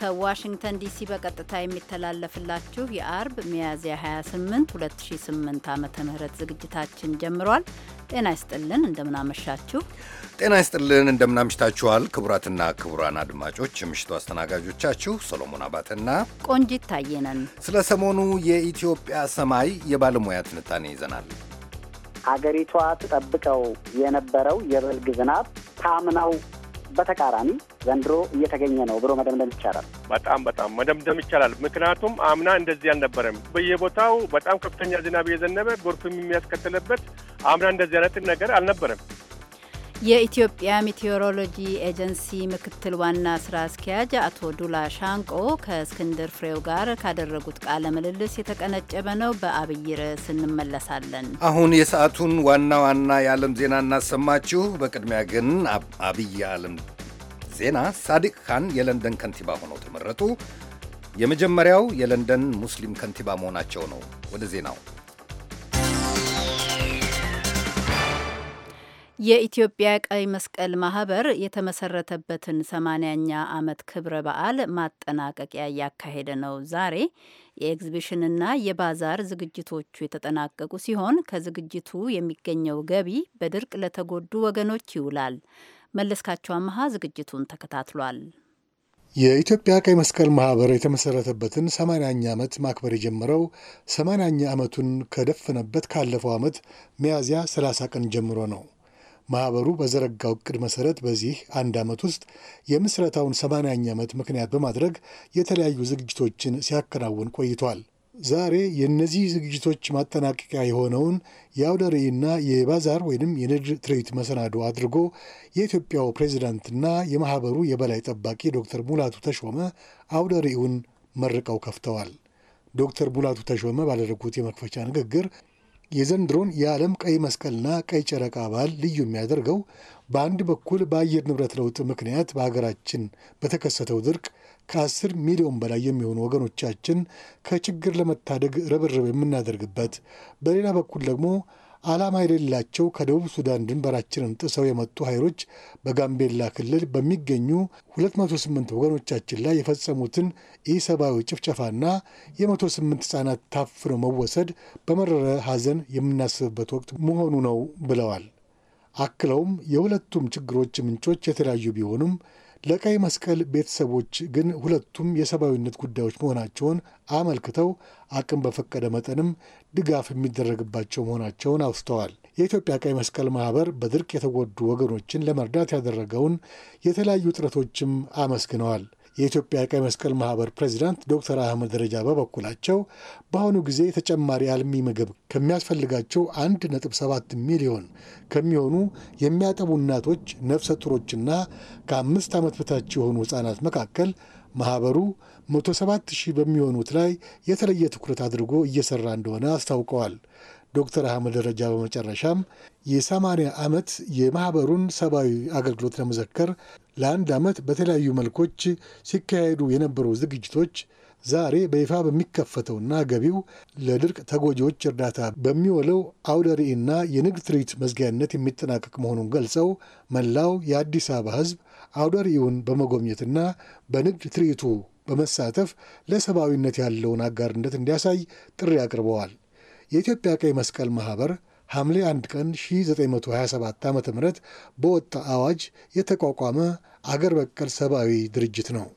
ከዋሽንግተን ዲሲ በቀጥታ የሚተላለፍላችሁ የአርብ ሚያዝያ 28 2008 ዓ ም ዝግጅታችን ጀምሯል። ጤና ይስጥልን፣ እንደምናመሻችሁ። ጤና ይስጥልን፣ እንደምናምሽታችኋል። ክቡራትና ክቡራን አድማጮች የምሽቱ አስተናጋጆቻችሁ ሶሎሞን አባተና ቆንጂት ታየ ስለ ሰሞኑ የኢትዮጵያ ሰማይ የባለሙያ ትንታኔ ይዘናል። ሀገሪቷ ትጠብቀው የነበረው የበልግ ዝናብ ታምናው በተቃራኒ ዘንድሮ እየተገኘ ነው ብሎ መደምደም ይቻላል። በጣም በጣም መደምደም ይቻላል። ምክንያቱም አምና እንደዚህ አልነበረም። በየቦታው በጣም ከፍተኛ ዝናብ የዘነበ ጎርፍም የሚያስከትልበት አምና እንደዚህ አይነትን ነገር አልነበረም። የኢትዮጵያ ሜቴዎሮሎጂ ኤጀንሲ ምክትል ዋና ስራ አስኪያጅ አቶ ዱላ ሻንቆ ከእስክንድር ፍሬው ጋር ካደረጉት ቃለ ምልልስ የተቀነጨበ ነው። በአብይ ርዕስ እንመለሳለን። አሁን የሰዓቱን ዋና ዋና የዓለም ዜና እናሰማችሁ። በቅድሚያ ግን አብይ የዓለም ዜና ሳዲቅ ካን የለንደን ከንቲባ ሆነው ተመረጡ። የመጀመሪያው የለንደን ሙስሊም ከንቲባ መሆናቸው ነው። ወደ ዜናው የኢትዮጵያ ቀይ መስቀል ማህበር የተመሰረተበትን ሰማንያኛ ዓመት ክብረ በዓል ማጠናቀቂያ እያካሄደ ነው። ዛሬ የኤግዚቢሽንና የባዛር ዝግጅቶቹ የተጠናቀቁ ሲሆን ከዝግጅቱ የሚገኘው ገቢ በድርቅ ለተጎዱ ወገኖች ይውላል። መለስካቸው አመሃ ዝግጅቱን ተከታትሏል። የኢትዮጵያ ቀይ መስቀል ማህበር የተመሰረተበትን ሰማንያኛ ዓመት ማክበር የጀመረው ሰማንያኛ ዓመቱን ከደፈነበት ካለፈው ዓመት ሚያዝያ 30 ቀን ጀምሮ ነው። ማህበሩ በዘረጋው እቅድ መሰረት በዚህ አንድ ዓመት ውስጥ የምስረታውን ሰማንያኛ ዓመት ምክንያት በማድረግ የተለያዩ ዝግጅቶችን ሲያከናውን ቆይቷል። ዛሬ የእነዚህ ዝግጅቶች ማጠናቀቂያ የሆነውን የአውደ ርዕይና የባዛር ወይም የንግድ ትርኢት መሰናዶ አድርጎ የኢትዮጵያው ፕሬዚዳንትና የማኅበሩ የበላይ ጠባቂ ዶክተር ሙላቱ ተሾመ አውደ ርዕዩን መርቀው ከፍተዋል። ዶክተር ሙላቱ ተሾመ ባደረጉት የመክፈቻ ንግግር የዘንድሮን የዓለም ቀይ መስቀልና ቀይ ጨረቃ በዓል ልዩ የሚያደርገው በአንድ በኩል በአየር ንብረት ለውጥ ምክንያት በሀገራችን በተከሰተው ድርቅ ከ10 ሚሊዮን በላይ የሚሆኑ ወገኖቻችን ከችግር ለመታደግ ርብርብ የምናደርግበት፣ በሌላ በኩል ደግሞ ዓላማ የሌላቸው ከደቡብ ሱዳን ድንበራችንን ጥሰው የመጡ ኃይሎች በጋምቤላ ክልል በሚገኙ 208 ወገኖቻችን ላይ የፈጸሙትን ኢሰብአዊ ጭፍጨፋና የ108 ሕፃናት ታፍነው መወሰድ በመረረ ሐዘን የምናስብበት ወቅት መሆኑ ነው ብለዋል። አክለውም የሁለቱም ችግሮች ምንጮች የተለያዩ ቢሆኑም ለቀይ መስቀል ቤተሰቦች ግን ሁለቱም የሰብአዊነት ጉዳዮች መሆናቸውን አመልክተው አቅም በፈቀደ መጠንም ድጋፍ የሚደረግባቸው መሆናቸውን አውስተዋል። የኢትዮጵያ ቀይ መስቀል ማህበር በድርቅ የተጎዱ ወገኖችን ለመርዳት ያደረገውን የተለያዩ ጥረቶችም አመስግነዋል። የኢትዮጵያ ቀይ መስቀል ማህበር ፕሬዚዳንት ዶክተር አህመድ ደረጃ በበኩላቸው በአሁኑ ጊዜ ተጨማሪ አልሚ ምግብ ከሚያስፈልጋቸው አንድ ነጥብ ሰባት ሚሊዮን ከሚሆኑ የሚያጠቡ እናቶች፣ ነፍሰ ጡሮችና ከአምስት ዓመት በታች የሆኑ ሕፃናት መካከል ማህበሩ 107 ሺህ በሚሆኑት ላይ የተለየ ትኩረት አድርጎ እየሰራ እንደሆነ አስታውቀዋል። ዶክተር አህመድ ደረጃ በመጨረሻም የ80 ዓመት የማኅበሩን ሰብአዊ አገልግሎት ለመዘከር ለአንድ ዓመት በተለያዩ መልኮች ሲካሄዱ የነበሩ ዝግጅቶች ዛሬ በይፋ በሚከፈተውና ገቢው ለድርቅ ተጎጂዎች እርዳታ በሚውለው አውደ ርዕይና የንግድ ትርኢት መዝጊያነት የሚጠናቀቅ መሆኑን ገልጸው መላው የአዲስ አበባ ሕዝብ አውደ ርዕዩን በመጎብኘትና በንግድ ትርኢቱ በመሳተፍ ለሰብአዊነት ያለውን አጋርነት እንዲያሳይ ጥሪ አቅርበዋል። የኢትዮጵያ ቀይ መስቀል ማኅበር ሐምሌ 1 ቀን 1927 ዓ ም በወጣ አዋጅ የተቋቋመ አገር በቀል ሰብአዊ ድርጅት ነው።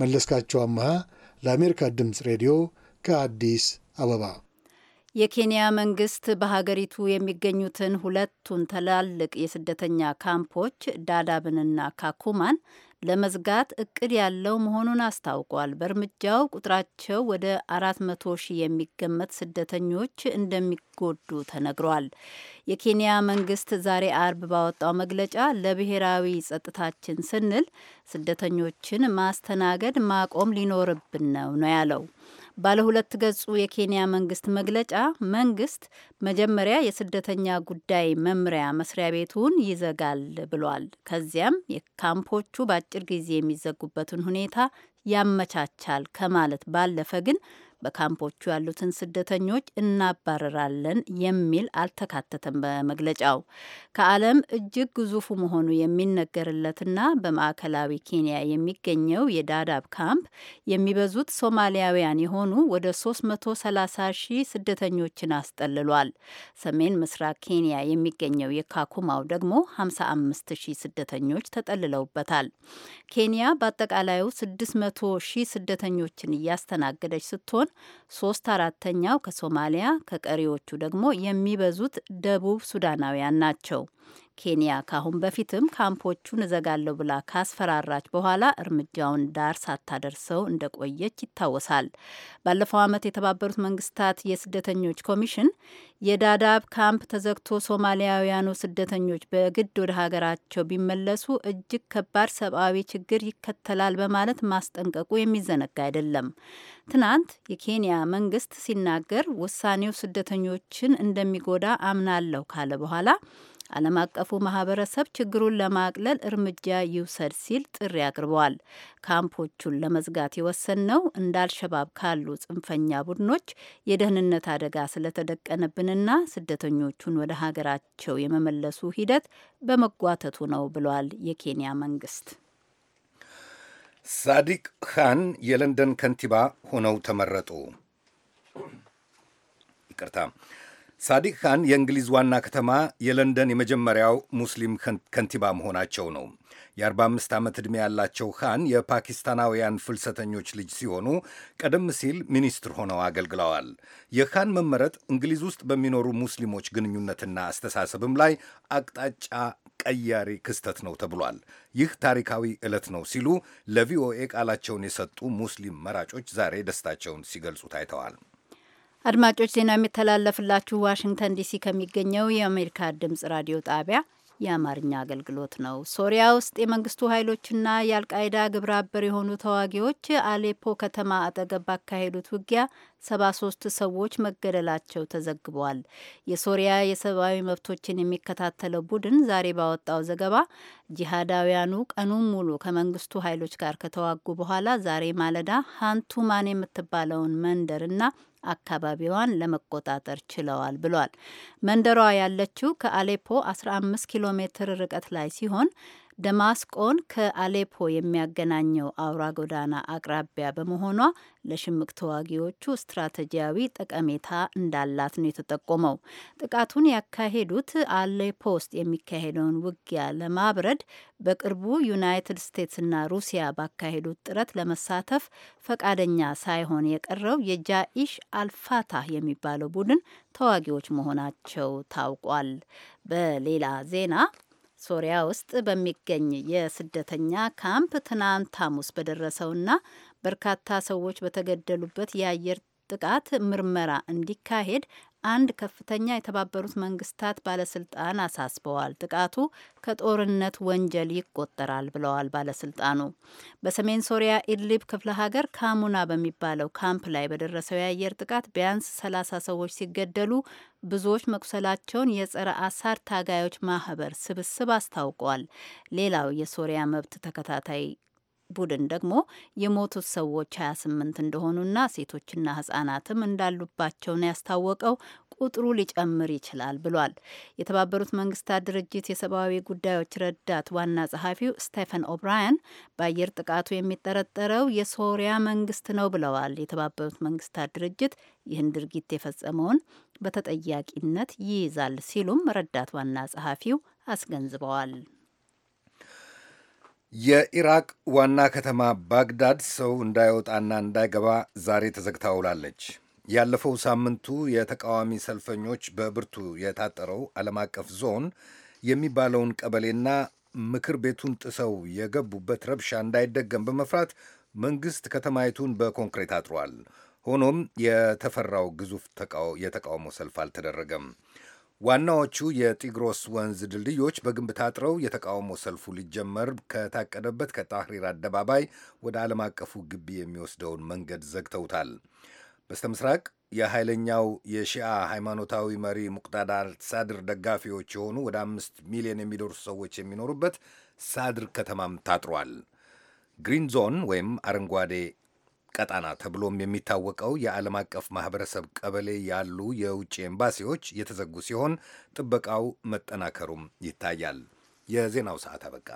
መለስካቸው አመሃ ለአሜሪካ ድምፅ ሬዲዮ ከአዲስ አበባ። የኬንያ መንግስት በሀገሪቱ የሚገኙትን ሁለቱን ትላልቅ የስደተኛ ካምፖች ዳዳብንና ካኩማን ለመዝጋት እቅድ ያለው መሆኑን አስታውቋል። በእርምጃው ቁጥራቸው ወደ አራት መቶ ሺህ የሚገመት ስደተኞች እንደሚጎዱ ተነግሯል። የኬንያ መንግስት ዛሬ አርብ ባወጣው መግለጫ ለብሔራዊ ጸጥታችን ስንል ስደተኞችን ማስተናገድ ማቆም ሊኖርብን ነው ነው ያለው። ባለሁለት ገጹ የኬንያ መንግስት መግለጫ መንግስት መጀመሪያ የስደተኛ ጉዳይ መምሪያ መስሪያ ቤቱን ይዘጋል ብሏል። ከዚያም የካምፖቹ በአጭር ጊዜ የሚዘጉበትን ሁኔታ ያመቻቻል ከማለት ባለፈ ግን በካምፖቹ ያሉትን ስደተኞች እናባረራለን የሚል አልተካተተም በመግለጫው። ከዓለም እጅግ ግዙፉ መሆኑ የሚነገርለትና በማዕከላዊ ኬንያ የሚገኘው የዳዳብ ካምፕ የሚበዙት ሶማሊያውያን የሆኑ ወደ 330 ሺህ ስደተኞችን አስጠልሏል። ሰሜን ምስራቅ ኬንያ የሚገኘው የካኩማው ደግሞ 55 ሺህ ስደተኞች ተጠልለውበታል። ኬንያ በአጠቃላዩ 600 ሺህ ስደተኞችን እያስተናገደች ስትሆን ሶስት አራተኛው ከሶማሊያ፣ ከቀሪዎቹ ደግሞ የሚበዙት ደቡብ ሱዳናውያን ናቸው። ኬንያ ካሁን በፊትም ካምፖቹን እዘጋለሁ ብላ ካስፈራራች በኋላ እርምጃውን ዳር ሳታደርሰው እንደቆየች ይታወሳል። ባለፈው ዓመት የተባበሩት መንግስታት የስደተኞች ኮሚሽን የዳዳብ ካምፕ ተዘግቶ ሶማሊያውያኑ ስደተኞች በግድ ወደ ሀገራቸው ቢመለሱ እጅግ ከባድ ሰብአዊ ችግር ይከተላል በማለት ማስጠንቀቁ የሚዘነጋ አይደለም። ትናንት የኬንያ መንግስት ሲናገር ውሳኔው ስደተኞችን እንደሚጎዳ አምናለሁ ካለ በኋላ ዓለም አቀፉ ማህበረሰብ ችግሩን ለማቅለል እርምጃ ይውሰድ ሲል ጥሪ አቅርበዋል። ካምፖቹን ለመዝጋት የወሰንነው እንደ አልሸባብ ካሉ ጽንፈኛ ቡድኖች የደህንነት አደጋ ስለተደቀነብንና ስደተኞቹን ወደ ሀገራቸው የመመለሱ ሂደት በመጓተቱ ነው ብሏል የኬንያ መንግስት። ሳዲቅ ካን የለንደን ከንቲባ ሆነው ተመረጡ። ይቅርታ ሳዲቅ ካን የእንግሊዝ ዋና ከተማ የለንደን የመጀመሪያው ሙስሊም ከንቲባ መሆናቸው ነው። የ45 ዓመት ዕድሜ ያላቸው ካን የፓኪስታናውያን ፍልሰተኞች ልጅ ሲሆኑ ቀደም ሲል ሚኒስትር ሆነው አገልግለዋል። የካን መመረጥ እንግሊዝ ውስጥ በሚኖሩ ሙስሊሞች ግንኙነትና አስተሳሰብም ላይ አቅጣጫ ቀያሪ ክስተት ነው ተብሏል። ይህ ታሪካዊ ዕለት ነው ሲሉ ለቪኦኤ ቃላቸውን የሰጡ ሙስሊም መራጮች ዛሬ ደስታቸውን ሲገልጹ ታይተዋል። አድማጮች ዜና የሚተላለፍላችሁ ዋሽንግተን ዲሲ ከሚገኘው የአሜሪካ ድምጽ ራዲዮ ጣቢያ የአማርኛ አገልግሎት ነው። ሶሪያ ውስጥ የመንግስቱ ኃይሎችና የአልቃይዳ ግብረ አበር የሆኑ ተዋጊዎች አሌፖ ከተማ አጠገብ ባካሄዱት ውጊያ ሰባ ሶስት ሰዎች መገደላቸው ተዘግበዋል። የሶሪያ የሰብአዊ መብቶችን የሚከታተለው ቡድን ዛሬ ባወጣው ዘገባ ጂሃዳውያኑ ቀኑን ሙሉ ከመንግስቱ ኃይሎች ጋር ከተዋጉ በኋላ ዛሬ ማለዳ ማን የምትባለውን መንደርና አካባቢዋን ለመቆጣጠር ችለዋል ብሏል። መንደሯ ያለችው ከአሌፖ 15 ኪሎ ሜትር ርቀት ላይ ሲሆን ደማስቆን ከአሌፖ የሚያገናኘው አውራ ጎዳና አቅራቢያ በመሆኗ ለሽምቅ ተዋጊዎቹ ስትራቴጂያዊ ጠቀሜታ እንዳላት ነው የተጠቆመው። ጥቃቱን ያካሄዱት አሌፖ ውስጥ የሚካሄደውን ውጊያ ለማብረድ በቅርቡ ዩናይትድ ስቴትስና ሩሲያ ባካሄዱት ጥረት ለመሳተፍ ፈቃደኛ ሳይሆን የቀረው የጃኢሽ አልፋታህ የሚባለው ቡድን ተዋጊዎች መሆናቸው ታውቋል። በሌላ ዜና ሶሪያ ውስጥ በሚገኝ የስደተኛ ካምፕ ትናንት ሐሙስ በደረሰውና በርካታ ሰዎች በተገደሉበት የአየር ጥቃት ምርመራ እንዲካሄድ አንድ ከፍተኛ የተባበሩት መንግስታት ባለስልጣን አሳስበዋል። ጥቃቱ ከጦርነት ወንጀል ይቆጠራል ብለዋል ባለስልጣኑ። በሰሜን ሶሪያ ኢድሊብ ክፍለ ሀገር ካሙና በሚባለው ካምፕ ላይ በደረሰው የአየር ጥቃት ቢያንስ ሰላሳ ሰዎች ሲገደሉ ብዙዎች መቁሰላቸውን የጸረ አሳድ ታጋዮች ማህበር ስብስብ አስታውቋል። ሌላው የሶሪያ መብት ተከታታይ ቡድን ደግሞ የሞቱት ሰዎች 28 እንደሆኑና ሴቶችና ህጻናትም እንዳሉባቸው ነው ያስታወቀው። ቁጥሩ ሊጨምር ይችላል ብሏል። የተባበሩት መንግስታት ድርጅት የሰብአዊ ጉዳዮች ረዳት ዋና ጸሐፊው ስቴፈን ኦብራያን በአየር ጥቃቱ የሚጠረጠረው የሶሪያ መንግስት ነው ብለዋል። የተባበሩት መንግስታት ድርጅት ይህን ድርጊት የፈጸመውን በተጠያቂነት ይይዛል ሲሉም ረዳት ዋና ጸሐፊው አስገንዝበዋል። የኢራቅ ዋና ከተማ ባግዳድ ሰው እንዳይወጣና እንዳይገባ ዛሬ ተዘግታ ውላለች። ያለፈው ሳምንቱ የተቃዋሚ ሰልፈኞች በብርቱ የታጠረው ዓለም አቀፍ ዞን የሚባለውን ቀበሌና ምክር ቤቱን ጥሰው የገቡበት ረብሻ እንዳይደገም በመፍራት መንግሥት ከተማይቱን በኮንክሪት አጥሯል። ሆኖም የተፈራው ግዙፍ የተቃውሞ ሰልፍ አልተደረገም። ዋናዎቹ የጢግሮስ ወንዝ ድልድዮች በግንብ ታጥረው የተቃውሞ ሰልፉ ሊጀመር ከታቀደበት ከታህሪር አደባባይ ወደ ዓለም አቀፉ ግቢ የሚወስደውን መንገድ ዘግተውታል። በስተ ምስራቅ የኃይለኛው የሺአ ሃይማኖታዊ መሪ ሙቅታዳ ሳድር ደጋፊዎች የሆኑ ወደ አምስት ሚሊዮን የሚደርሱ ሰዎች የሚኖሩበት ሳድር ከተማም ታጥሯል። ግሪን ዞን ወይም አረንጓዴ ቀጣና ተብሎም የሚታወቀው የዓለም አቀፍ ማህበረሰብ ቀበሌ ያሉ የውጭ ኤምባሲዎች የተዘጉ ሲሆን ጥበቃው መጠናከሩም ይታያል። የዜናው ሰዓት አበቃ።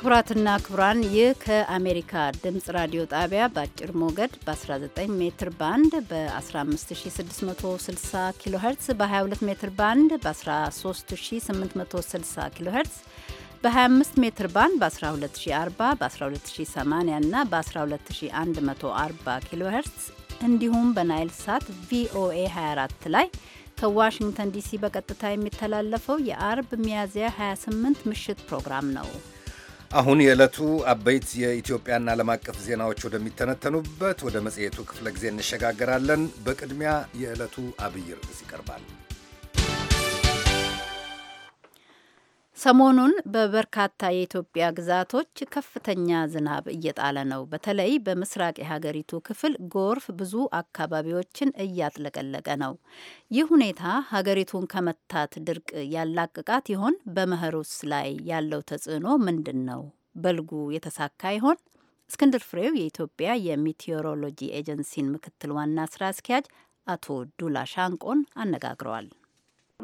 ክቡራትና ክቡራን ይህ ከአሜሪካ ድምፅ ራዲዮ ጣቢያ በአጭር ሞገድ በ19 ሜትር ባንድ በ15660 ኪሎ ሄርትስ በ22 ሜትር ባንድ በ13860 ኪሎ ሄርትስ በ25 ሜትር ባንድ በ 1240 በ 1280 እና በ12140 ኪሎ ሄርትስ እንዲሁም በናይል ሳት ቪኦኤ 24 ላይ ከዋሽንግተን ዲሲ በቀጥታ የሚተላለፈው የአርብ ሚያዝያ 28 ምሽት ፕሮግራም ነው። አሁን የዕለቱ አበይት የኢትዮጵያና ዓለም አቀፍ ዜናዎች ወደሚተነተኑበት ወደ መጽሔቱ ክፍለ ጊዜ እንሸጋገራለን። በቅድሚያ የዕለቱ አብይ ርዕስ ይቀርባል። ሰሞኑን በበርካታ የኢትዮጵያ ግዛቶች ከፍተኛ ዝናብ እየጣለ ነው። በተለይ በምስራቅ የሀገሪቱ ክፍል ጎርፍ ብዙ አካባቢዎችን እያጥለቀለቀ ነው። ይህ ሁኔታ ሀገሪቱን ከመታት ድርቅ ያላቅቃት ይሆን? በመኸሩስ ላይ ያለው ተጽዕኖ ምንድን ነው? በልጉ የተሳካ ይሆን? እስክንድር ፍሬው የኢትዮጵያ የሚቴዎሮሎጂ ኤጀንሲን ምክትል ዋና ስራ አስኪያጅ አቶ ዱላ ሻንቆን አነጋግረዋል።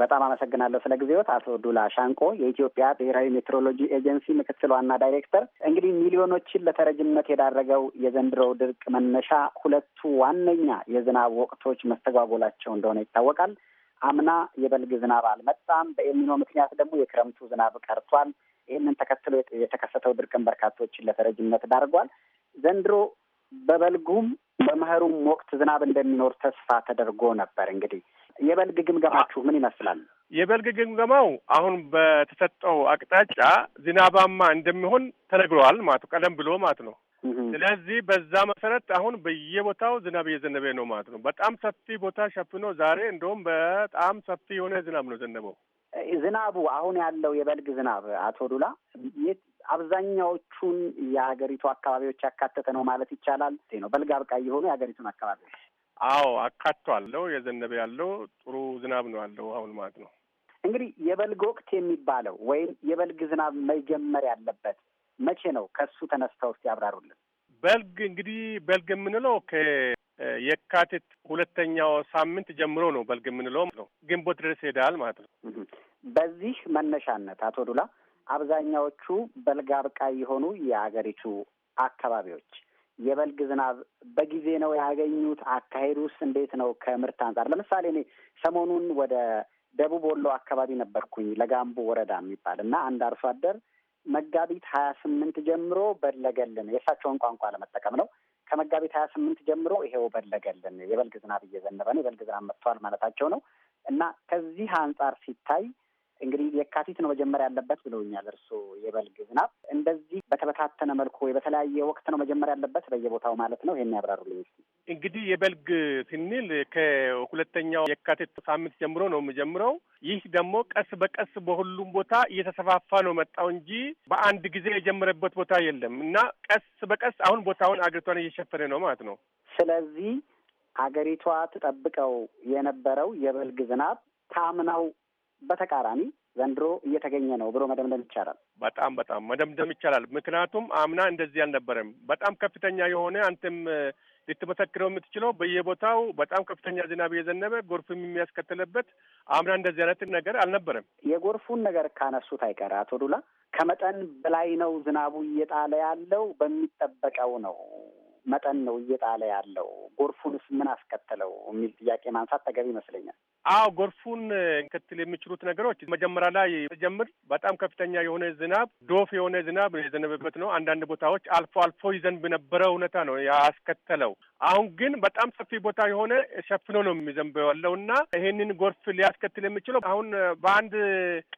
በጣም አመሰግናለሁ ስለ ጊዜዎት። አቶ ዱላ ሻንቆ የኢትዮጵያ ብሔራዊ ሜትሮሎጂ ኤጀንሲ ምክትል ዋና ዳይሬክተር። እንግዲህ ሚሊዮኖችን ለተረጅነት የዳረገው የዘንድሮው ድርቅ መነሻ ሁለቱ ዋነኛ የዝናብ ወቅቶች መስተጓጎላቸው እንደሆነ ይታወቃል። አምና የበልግ ዝናብ አልመጣም። በኤልኒኖ ምክንያት ደግሞ የክረምቱ ዝናብ ቀርቷል። ይህንን ተከትሎ የተከሰተው ድርቅን በርካቶችን ለተረጅነት ዳርጓል። ዘንድሮ በበልጉም በመኸሩም ወቅት ዝናብ እንደሚኖር ተስፋ ተደርጎ ነበር እንግዲህ የበልግ ግምገማችሁ ምን ይመስላል? የበልግ ግምገማው አሁን በተሰጠው አቅጣጫ ዝናባማ እንደሚሆን ተነግረዋል ማለት ቀደም ብሎ ማለት ነው። ስለዚህ በዛ መሰረት አሁን በየቦታው ዝናብ እየዘነበ ነው ማለት ነው። በጣም ሰፊ ቦታ ሸፍኖ ዛሬ እንደውም በጣም ሰፊ የሆነ ዝናብ ነው ዘነበው። ዝናቡ አሁን ያለው የበልግ ዝናብ አቶ ዱላ አብዛኛዎቹን የሀገሪቱ አካባቢዎች ያካተተ ነው ማለት ይቻላል ነው። በልግ አብቃይ የሆኑ የሀገሪቱን አካባቢዎች አዎ አለው የዘነበ ያለው ጥሩ ዝናብ ነው ያለው አሁን ማለት ነው። እንግዲህ የበልግ ወቅት የሚባለው ወይም የበልግ ዝናብ መጀመር ያለበት መቼ ነው? ከሱ ተነስተው ውስጥ ያብራሩልን። በልግ እንግዲህ በልግ የምንለው ከየካቲት ሁለተኛው ሳምንት ጀምሮ ነው በልግ የምንለው ነው። ግንቦት ድረስ ይሄዳል ማለት ነው። በዚህ መነሻነት አቶ ዱላ አብዛኛዎቹ በልግ አብቃይ የሆኑ የአገሪቱ አካባቢዎች የበልግ ዝናብ በጊዜ ነው ያገኙት? አካሄድ ውስጥ እንዴት ነው ከምርት አንጻር? ለምሳሌ እኔ ሰሞኑን ወደ ደቡብ ወሎ አካባቢ ነበርኩኝ ለጋምቦ ወረዳ የሚባል እና አንድ አርሶ አደር መጋቢት ሀያ ስምንት ጀምሮ በለገልን የእሳቸውን ቋንቋ ለመጠቀም ነው ከመጋቢት ሀያ ስምንት ጀምሮ ይሄው በለገልን የበልግ ዝናብ እየዘነበ ነው የበልግ ዝናብ መጥቷል ማለታቸው ነው እና ከዚህ አንጻር ሲታይ እንግዲህ የካቲት ነው መጀመሪያ ያለበት ብለውኛል። እርስዎ የበልግ ዝናብ እንደዚህ በተበታተነ መልኩ በተለያየ ወቅት ነው መጀመሪያ ያለበት በየቦታው ማለት ነው። ይሄን ያብራሩልኝ እስኪ። እንግዲህ የበልግ ስንል ከሁለተኛው የካቲት ሳምንት ጀምሮ ነው የምጀምረው። ይህ ደግሞ ቀስ በቀስ በሁሉም ቦታ እየተሰፋፋ ነው መጣው እንጂ በአንድ ጊዜ የጀመረበት ቦታ የለም እና ቀስ በቀስ አሁን ቦታውን አገሪቷን እየሸፈነ ነው ማለት ነው። ስለዚህ አገሪቷ ትጠብቀው የነበረው የበልግ ዝናብ ታምናው በተቃራኒ ዘንድሮ እየተገኘ ነው ብሎ መደምደም ይቻላል። በጣም በጣም መደምደም ይቻላል። ምክንያቱም አምና እንደዚህ አልነበረም። በጣም ከፍተኛ የሆነ አንተም ልትመሰክረው የምትችለው በየቦታው በጣም ከፍተኛ ዝናብ የዘነበ ጎርፍም የሚያስከትልበት አምና እንደዚህ አይነት ነገር አልነበረም። የጎርፉን ነገር ካነሱት አይቀር አቶ ዱላ ከመጠን በላይ ነው ዝናቡ እየጣለ ያለው በሚጠበቀው ነው መጠን ነው እየጣለ ያለው? ጎርፉንስ ምን አስከተለው የሚል ጥያቄ ማንሳት ተገቢ ይመስለኛል። አዎ ጎርፉን እንከትል የሚችሉት ነገሮች መጀመሪያ ላይ ጀምር በጣም ከፍተኛ የሆነ ዝናብ ዶፍ የሆነ ዝናብ የዘነበበት ነው። አንዳንድ ቦታዎች አልፎ አልፎ ይዘንብ የነበረ እውነታ ነው ያስከተለው። አሁን ግን በጣም ሰፊ ቦታ የሆነ ሸፍኖ ነው የሚዘንበው ያለው እና ይሄንን ጎርፍ ሊያስከትል የሚችለው አሁን በአንድ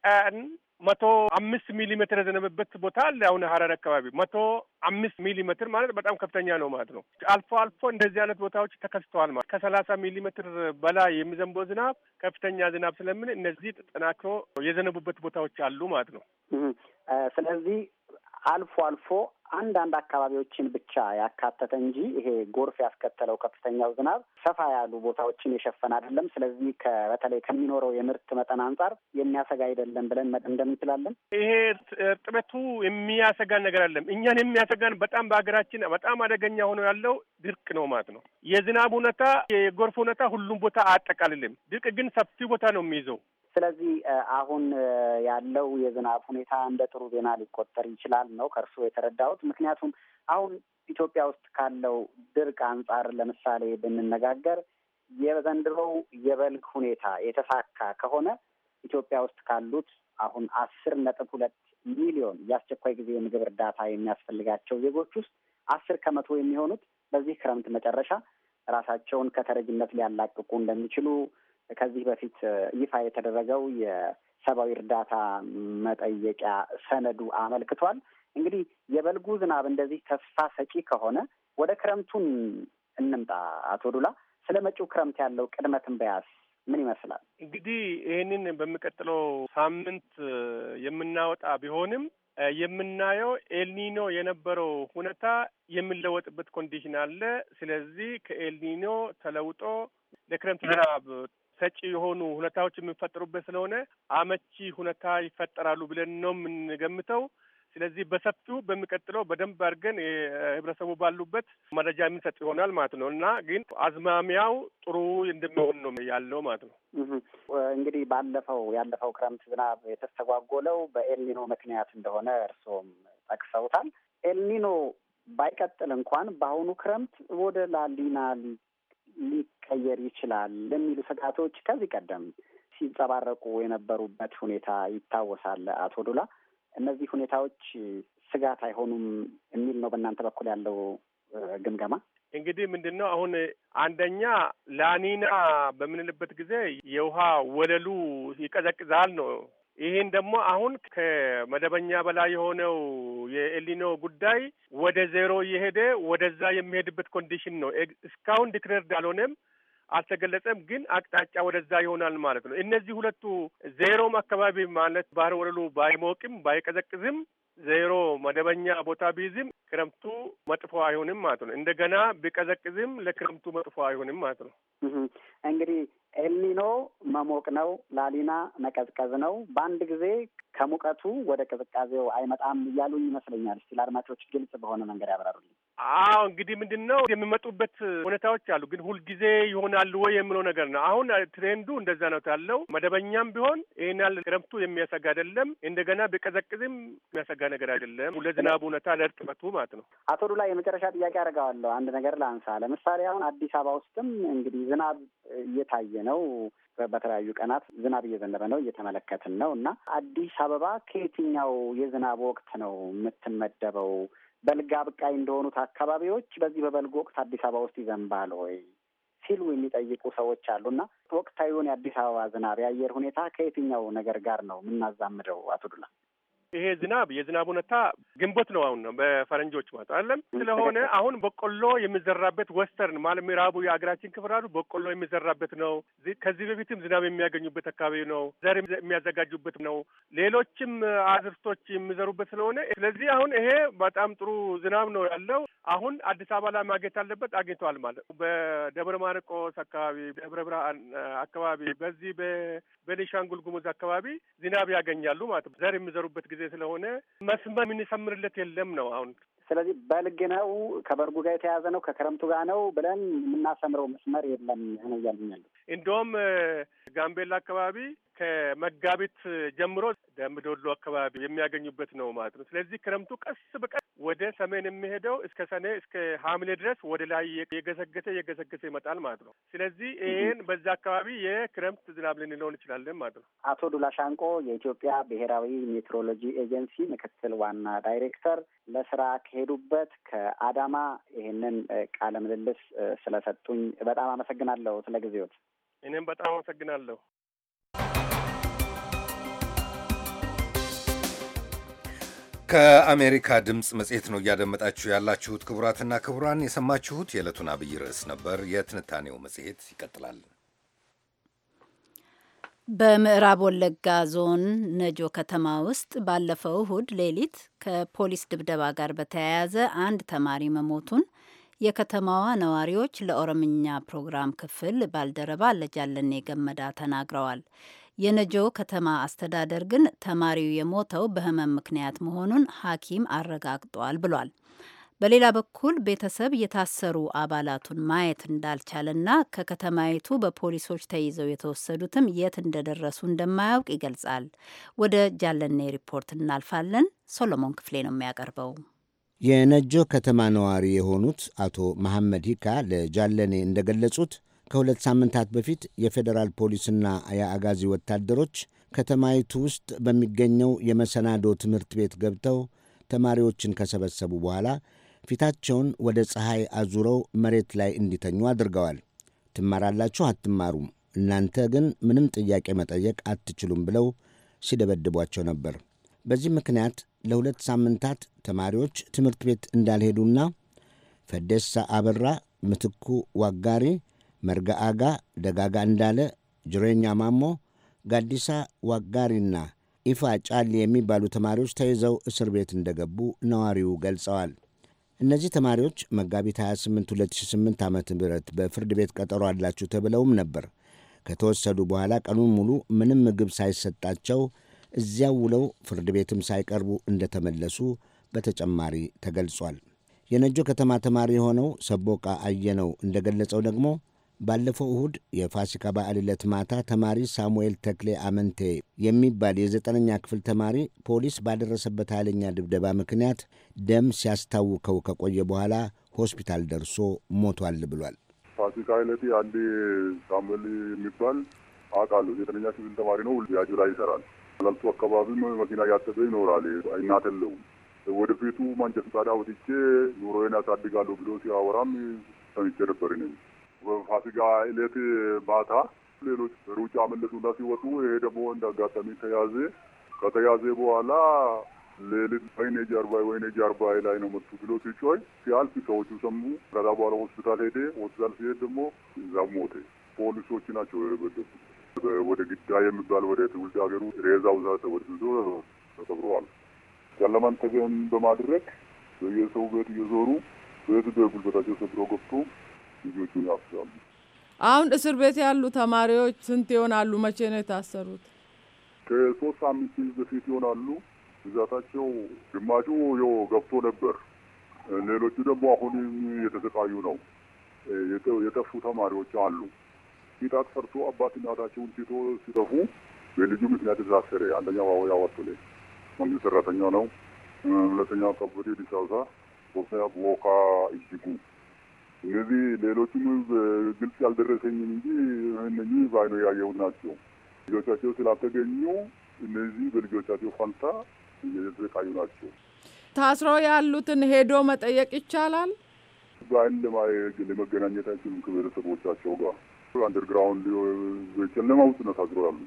ቀን መቶ አምስት ሚሊ ሜትር የዘነበበት ቦታ አለ። አሁን ሀረር አካባቢ መቶ አምስት ሚሊ ሜትር ማለት በጣም ከፍተኛ ነው ማለት ነው። አልፎ አልፎ እንደዚህ አይነት ቦታዎች ተከስተዋል ማለት ከሰላሳ ሚሊ ሜትር በላይ የሚዘንበው ዝናብ ከፍተኛ ዝናብ ስለምን እነዚህ ተጠናክሮ የዘነቡበት ቦታዎች አሉ ማለት ነው። ስለዚህ አልፎ አልፎ አንዳንድ አካባቢዎችን ብቻ ያካተተ እንጂ ይሄ ጎርፍ ያስከተለው ከፍተኛው ዝናብ ሰፋ ያሉ ቦታዎችን የሸፈነ አይደለም። ስለዚህ በተለይ ከሚኖረው የምርት መጠን አንጻር የሚያሰጋ አይደለም ብለን መደምደም እንችላለን። ይሄ እርጥበቱ የሚያሰጋን ነገር አለም እኛን የሚያሰጋን በጣም በሀገራችን በጣም አደገኛ ሆኖ ያለው ድርቅ ነው ማለት ነው። የዝናብ ሁኔታ የጎርፍ ሁኔታ ሁሉም ቦታ አያጠቃልልም። ድርቅ ግን ሰፊ ቦታ ነው የሚይዘው ስለዚህ አሁን ያለው የዝናብ ሁኔታ እንደ ጥሩ ዜና ሊቆጠር ይችላል ነው ከእርስዎ የተረዳሁት። ምክንያቱም አሁን ኢትዮጵያ ውስጥ ካለው ድርቅ አንጻር ለምሳሌ ብንነጋገር የዘንድሮው የበልግ ሁኔታ የተሳካ ከሆነ ኢትዮጵያ ውስጥ ካሉት አሁን አስር ነጥብ ሁለት ሚሊዮን የአስቸኳይ ጊዜ የምግብ እርዳታ የሚያስፈልጋቸው ዜጎች ውስጥ አስር ከመቶ የሚሆኑት በዚህ ክረምት መጨረሻ ራሳቸውን ከተረጅነት ሊያላቅቁ እንደሚችሉ ከዚህ በፊት ይፋ የተደረገው የሰብአዊ እርዳታ መጠየቂያ ሰነዱ አመልክቷል። እንግዲህ የበልጉ ዝናብ እንደዚህ ተስፋ ሰጪ ከሆነ ወደ ክረምቱን እንምጣ። አቶ ዱላ ስለ መጪው ክረምት ያለው ቅድመ ትንበያስ ምን ይመስላል? እንግዲህ ይህንን በሚቀጥለው ሳምንት የምናወጣ ቢሆንም የምናየው ኤልኒኖ የነበረው ሁኔታ የሚለወጥበት ኮንዲሽን አለ። ስለዚህ ከኤልኒኖ ተለውጦ ለክረምት ዝናብ ሰጪ የሆኑ ሁኔታዎች የምንፈጥሩበት ስለሆነ አመቺ ሁኔታ ይፈጠራሉ ብለን ነው የምንገምተው። ስለዚህ በሰፊው በሚቀጥለው በደንብ አድርገን ህብረተሰቡ ባሉበት መረጃ የምንሰጥ ይሆናል ማለት ነው እና ግን አዝማሚያው ጥሩ እንደሚሆን ነው ያለው ማለት ነው። እንግዲህ ባለፈው ያለፈው ክረምት ዝናብ የተስተጓጎለው በኤልኒኖ ምክንያት እንደሆነ እርስዎም ጠቅሰውታል። ኤልኒኖ ባይቀጥል እንኳን በአሁኑ ክረምት ወደ ላሊና ሊቀየር ይችላል የሚሉ ስጋቶች ከዚህ ቀደም ሲንጸባረቁ የነበሩበት ሁኔታ ይታወሳል። አቶ ዱላ፣ እነዚህ ሁኔታዎች ስጋት አይሆኑም የሚል ነው በእናንተ በኩል ያለው ግምገማ? እንግዲህ ምንድን ነው አሁን አንደኛ ላኒና በምንልበት ጊዜ የውሃ ወለሉ ይቀዘቅዛል ነው ይህን ደግሞ አሁን ከመደበኛ በላይ የሆነው የኤሊኖ ጉዳይ ወደ ዜሮ እየሄደ ወደዛ የሚሄድበት ኮንዲሽን ነው። እስካሁን ዲክሌርድ አልሆነም፣ አልተገለጸም፣ ግን አቅጣጫ ወደዛ ይሆናል ማለት ነው። እነዚህ ሁለቱ ዜሮም አካባቢ ማለት ባህር ወለሉ ባይሞቅም ባይቀዘቅዝም ዜሮ መደበኛ ቦታ ቢይዝም ክረምቱ መጥፎ አይሆንም ማለት ነው። እንደገና ቢቀዘቅዝም ለክረምቱ መጥፎ አይሆንም ማለት ነው። እንግዲህ ኤልኒኖ መሞቅ ነው፣ ላሊና መቀዝቀዝ ነው። በአንድ ጊዜ ከሙቀቱ ወደ ቅዝቃዜው አይመጣም እያሉኝ ይመስለኛል። እስቲ ለአድማጮች ግልጽ በሆነ መንገድ ያብራሩልኝ። አዎ እንግዲህ ምንድን ነው የሚመጡበት ሁኔታዎች አሉ፣ ግን ሁልጊዜ ይሆናሉ ወይ የምለው ነገር ነው። አሁን ትሬንዱ እንደዛ ነው ያለው። መደበኛም ቢሆን ይህን ያህል ክረምቱ የሚያሰጋ አይደለም፣ እንደገና ቢቀዘቅዝም የሚያሰጋ ነገር አይደለም። ለዝናቡ ሁኔታ ለእርጥበቱ ማለት ነው። አቶ ዱላ የመጨረሻ ጥያቄ አድርገዋለሁ። አንድ ነገር ላንሳ። ለምሳሌ አሁን አዲስ አበባ ውስጥም እንግዲህ ዝናብ እየታየ ነው። በተለያዩ ቀናት ዝናብ እየዘነበ ነው እየተመለከትን ነው እና አዲስ አበባ ከየትኛው የዝናብ ወቅት ነው የምትመደበው? በልግ አብቃይ እንደሆኑት አካባቢዎች በዚህ በበልግ ወቅት አዲስ አበባ ውስጥ ይዘንባል ወይ ሲሉ የሚጠይቁ ሰዎች አሉና ወቅታዊውን የአዲስ አበባ ዝናብ የአየር ሁኔታ ከየትኛው ነገር ጋር ነው የምናዛምደው? አቶ ዱላ ይሄ ዝናብ የዝናብ ሁኔታ ግንቦት ነው አሁን ነው በፈረንጆች ማለት አለም ስለሆነ አሁን በቆሎ የሚዘራበት ወስተርን ማለት ምዕራቡ የአገራችን ክፍል አሉ በቆሎ የሚዘራበት ነው። ከዚህ በፊትም ዝናብ የሚያገኙበት አካባቢ ነው። ዘር የሚያዘጋጁበት ነው። ሌሎችም አዝርቶች የሚዘሩበት ስለሆነ ስለዚህ አሁን ይሄ በጣም ጥሩ ዝናብ ነው ያለው። አሁን አዲስ አበባ ላይ ማግኘት አለበት አግኝተዋል ማለት ነው። በደብረ ማርቆስ አካባቢ፣ ደብረ ብርሃን አካባቢ፣ በዚህ በቤኒሻንጉል ጉሙዝ አካባቢ ዝናብ ያገኛሉ ማለት ነው። ዘር የሚዘሩበት ጊዜ ጊዜ ስለሆነ መስመር የምንሰምርለት የለም ነው አሁን ስለዚህ በልግ ነው ከበርጉ ጋር የተያዘ ነው ከክረምቱ ጋር ነው ብለን የምናሰምረው መስመር የለም ነው እያሉኛሉ። እንዲሁም ጋምቤላ አካባቢ ከመጋቢት ጀምሮ ደምቢዶሎ አካባቢ የሚያገኙበት ነው ማለት ነው። ስለዚህ ክረምቱ ቀስ በቀስ ወደ ሰሜን የሚሄደው እስከ ሰኔ እስከ ሐምሌ ድረስ ወደ ላይ የገሰገሰ የገሰገሰ ይመጣል ማለት ነው። ስለዚህ ይህን በዛ አካባቢ የክረምት ዝናብ ልንለውን እንችላለን ማለት ነው። አቶ ዱላ ሻንቆ የኢትዮጵያ ብሔራዊ ሜትሮሎጂ ኤጀንሲ ምክትል ዋና ዳይሬክተር ለስራ ሄዱበት ከአዳማ ይሄንን ቃለ ምልልስ ስለሰጡኝ በጣም አመሰግናለሁ። ስለ ጊዜዎት እኔም በጣም አመሰግናለሁ። ከአሜሪካ ድምፅ መጽሔት ነው እያደመጣችሁ ያላችሁት። ክቡራትና ክቡራን የሰማችሁት የዕለቱን አብይ ርዕስ ነበር። የትንታኔው መጽሔት ይቀጥላል። በምዕራብ ወለጋ ዞን ነጆ ከተማ ውስጥ ባለፈው እሁድ ሌሊት ከፖሊስ ድብደባ ጋር በተያያዘ አንድ ተማሪ መሞቱን የከተማዋ ነዋሪዎች ለኦሮምኛ ፕሮግራም ክፍል ባልደረባ ለጃለኔ ገመዳ ተናግረዋል። የነጆ ከተማ አስተዳደር ግን ተማሪው የሞተው በሕመም ምክንያት መሆኑን ሐኪም አረጋግጧል ብሏል። በሌላ በኩል ቤተሰብ የታሰሩ አባላቱን ማየት እንዳልቻለና ከከተማይቱ በፖሊሶች ተይዘው የተወሰዱትም የት እንደደረሱ እንደማያውቅ ይገልጻል። ወደ ጃለኔ ሪፖርት እናልፋለን። ሶሎሞን ክፍሌ ነው የሚያቀርበው። የነጆ ከተማ ነዋሪ የሆኑት አቶ መሐመድ ሂካ ለጃለኔ እንደገለጹት ከሁለት ሳምንታት በፊት የፌዴራል ፖሊስና የአጋዚ ወታደሮች ከተማይቱ ውስጥ በሚገኘው የመሰናዶ ትምህርት ቤት ገብተው ተማሪዎችን ከሰበሰቡ በኋላ ፊታቸውን ወደ ፀሐይ አዙረው መሬት ላይ እንዲተኙ አድርገዋል። ትማራላችሁ አትማሩም፣ እናንተ ግን ምንም ጥያቄ መጠየቅ አትችሉም ብለው ሲደበድቧቸው ነበር። በዚህ ምክንያት ለሁለት ሳምንታት ተማሪዎች ትምህርት ቤት እንዳልሄዱና ፈደሳ አበራ፣ ምትኩ ዋጋሪ፣ መርጋ አጋ፣ ደጋጋ እንዳለ፣ ጅሬኛ ማሞ፣ ጋዲሳ ዋጋሪና ኢፋ ጫሊ የሚባሉ ተማሪዎች ተይዘው እስር ቤት እንደገቡ ነዋሪው ገልጸዋል። እነዚህ ተማሪዎች መጋቢት 28 2008 ዓ ም በፍርድ ቤት ቀጠሮ አላችሁ ተብለውም ነበር። ከተወሰዱ በኋላ ቀኑን ሙሉ ምንም ምግብ ሳይሰጣቸው እዚያው ውለው ፍርድ ቤትም ሳይቀርቡ እንደተመለሱ በተጨማሪ ተገልጿል። የነጆ ከተማ ተማሪ የሆነው ሰቦቃ አየነው እንደገለጸው ደግሞ ባለፈው እሁድ የፋሲካ በዓል ዕለት ማታ ተማሪ ሳሙኤል ተክሌ አመንቴ የሚባል የዘጠነኛ ክፍል ተማሪ ፖሊስ ባደረሰበት ኃይለኛ ድብደባ ምክንያት ደም ሲያስታውከው ከቆየ በኋላ ሆስፒታል ደርሶ ሞቷል ብሏል። ፋሲካ ዕለት አንድ ሳሙኤል የሚባል አቃሉ ዘጠነኛ ክፍል ተማሪ ነው። ያጁ ላይ ይሰራል። ላልቱ አካባቢም መኪና እያጠበ ይኖራል። እናት ወደፊቱ ማንጨት ፈቃድ አውጥቼ ኑሮዬን ያሳድጋሉ ብሎ ሲያወራም ሰምቼ ነበር። በፋሲካ ዕለት ማታ ሌሎች ሩጫ መለሱና ሲወጡ ይሄ ደግሞ እንዳጋጣሚ ተያዘ። ከተያዘ በኋላ ሌሊት ወይኔ ጀርባይ ወይኔ ጀርባይ ላይ ነው መጡ ብሎ ሲጮይ ሲያልፍ ሰዎቹ ሰሙ። ከዛ በኋላ ሆስፒታል ሄደ። ሆስፒታል ሲሄድ ደግሞ እዛው ሞተ። ፖሊሶች ናቸው የበደሱ። ወደ ግዳ የሚባል ወደ ትውልድ ሀገሩ ሬዛው ዛ ተወድዶ ተቀብረዋል። ጨለማን ተገን በማድረግ የሰው ቤት እየዞሩ ቤት በጉልበታቸው ሰብሮ ገብቶ ልጆቹን ያፍሳሉ። አሁን እስር ቤት ያሉ ተማሪዎች ስንት ይሆናሉ? መቼ ነው የታሰሩት? ከሶስት ሳምንት በፊት ይሆናሉ። ብዛታቸው ግማሹ ይኸው ገብቶ ነበር፣ ሌሎቹ ደግሞ አሁንም የተሰቃዩ ነው። የጠፉ ተማሪዎች አሉ። ፊታት ፈርቶ አባት እናታቸውን ሲቶ ሲጠፉ በልጁ ምክንያት የተሳሰረ አንደኛው አሁ ያወጡ ላይ መንግስት ሰራተኛ ነው። ሁለተኛው ከበዴ ዲሳሳ፣ ሶስተኛ ቦካ እጅጉ እንግዲህ ሌሎቹም ግልጽ ያልደረሰኝም እንጂ እነኚህ በአይኑ ያየው ናቸው። ልጆቻቸው ስላልተገኙ እነዚህ በልጆቻቸው ፋንታ የተሰቃዩ ናቸው። ታስሮ ያሉትን ሄዶ መጠየቅ ይቻላል። በአይን ለማየግ ለመገናኘት አይችሉም ከቤተሰቦቻቸው ጋር አንደርግራውንድ ጨለማ ውስጥ ነው ታስሮ ያሉ።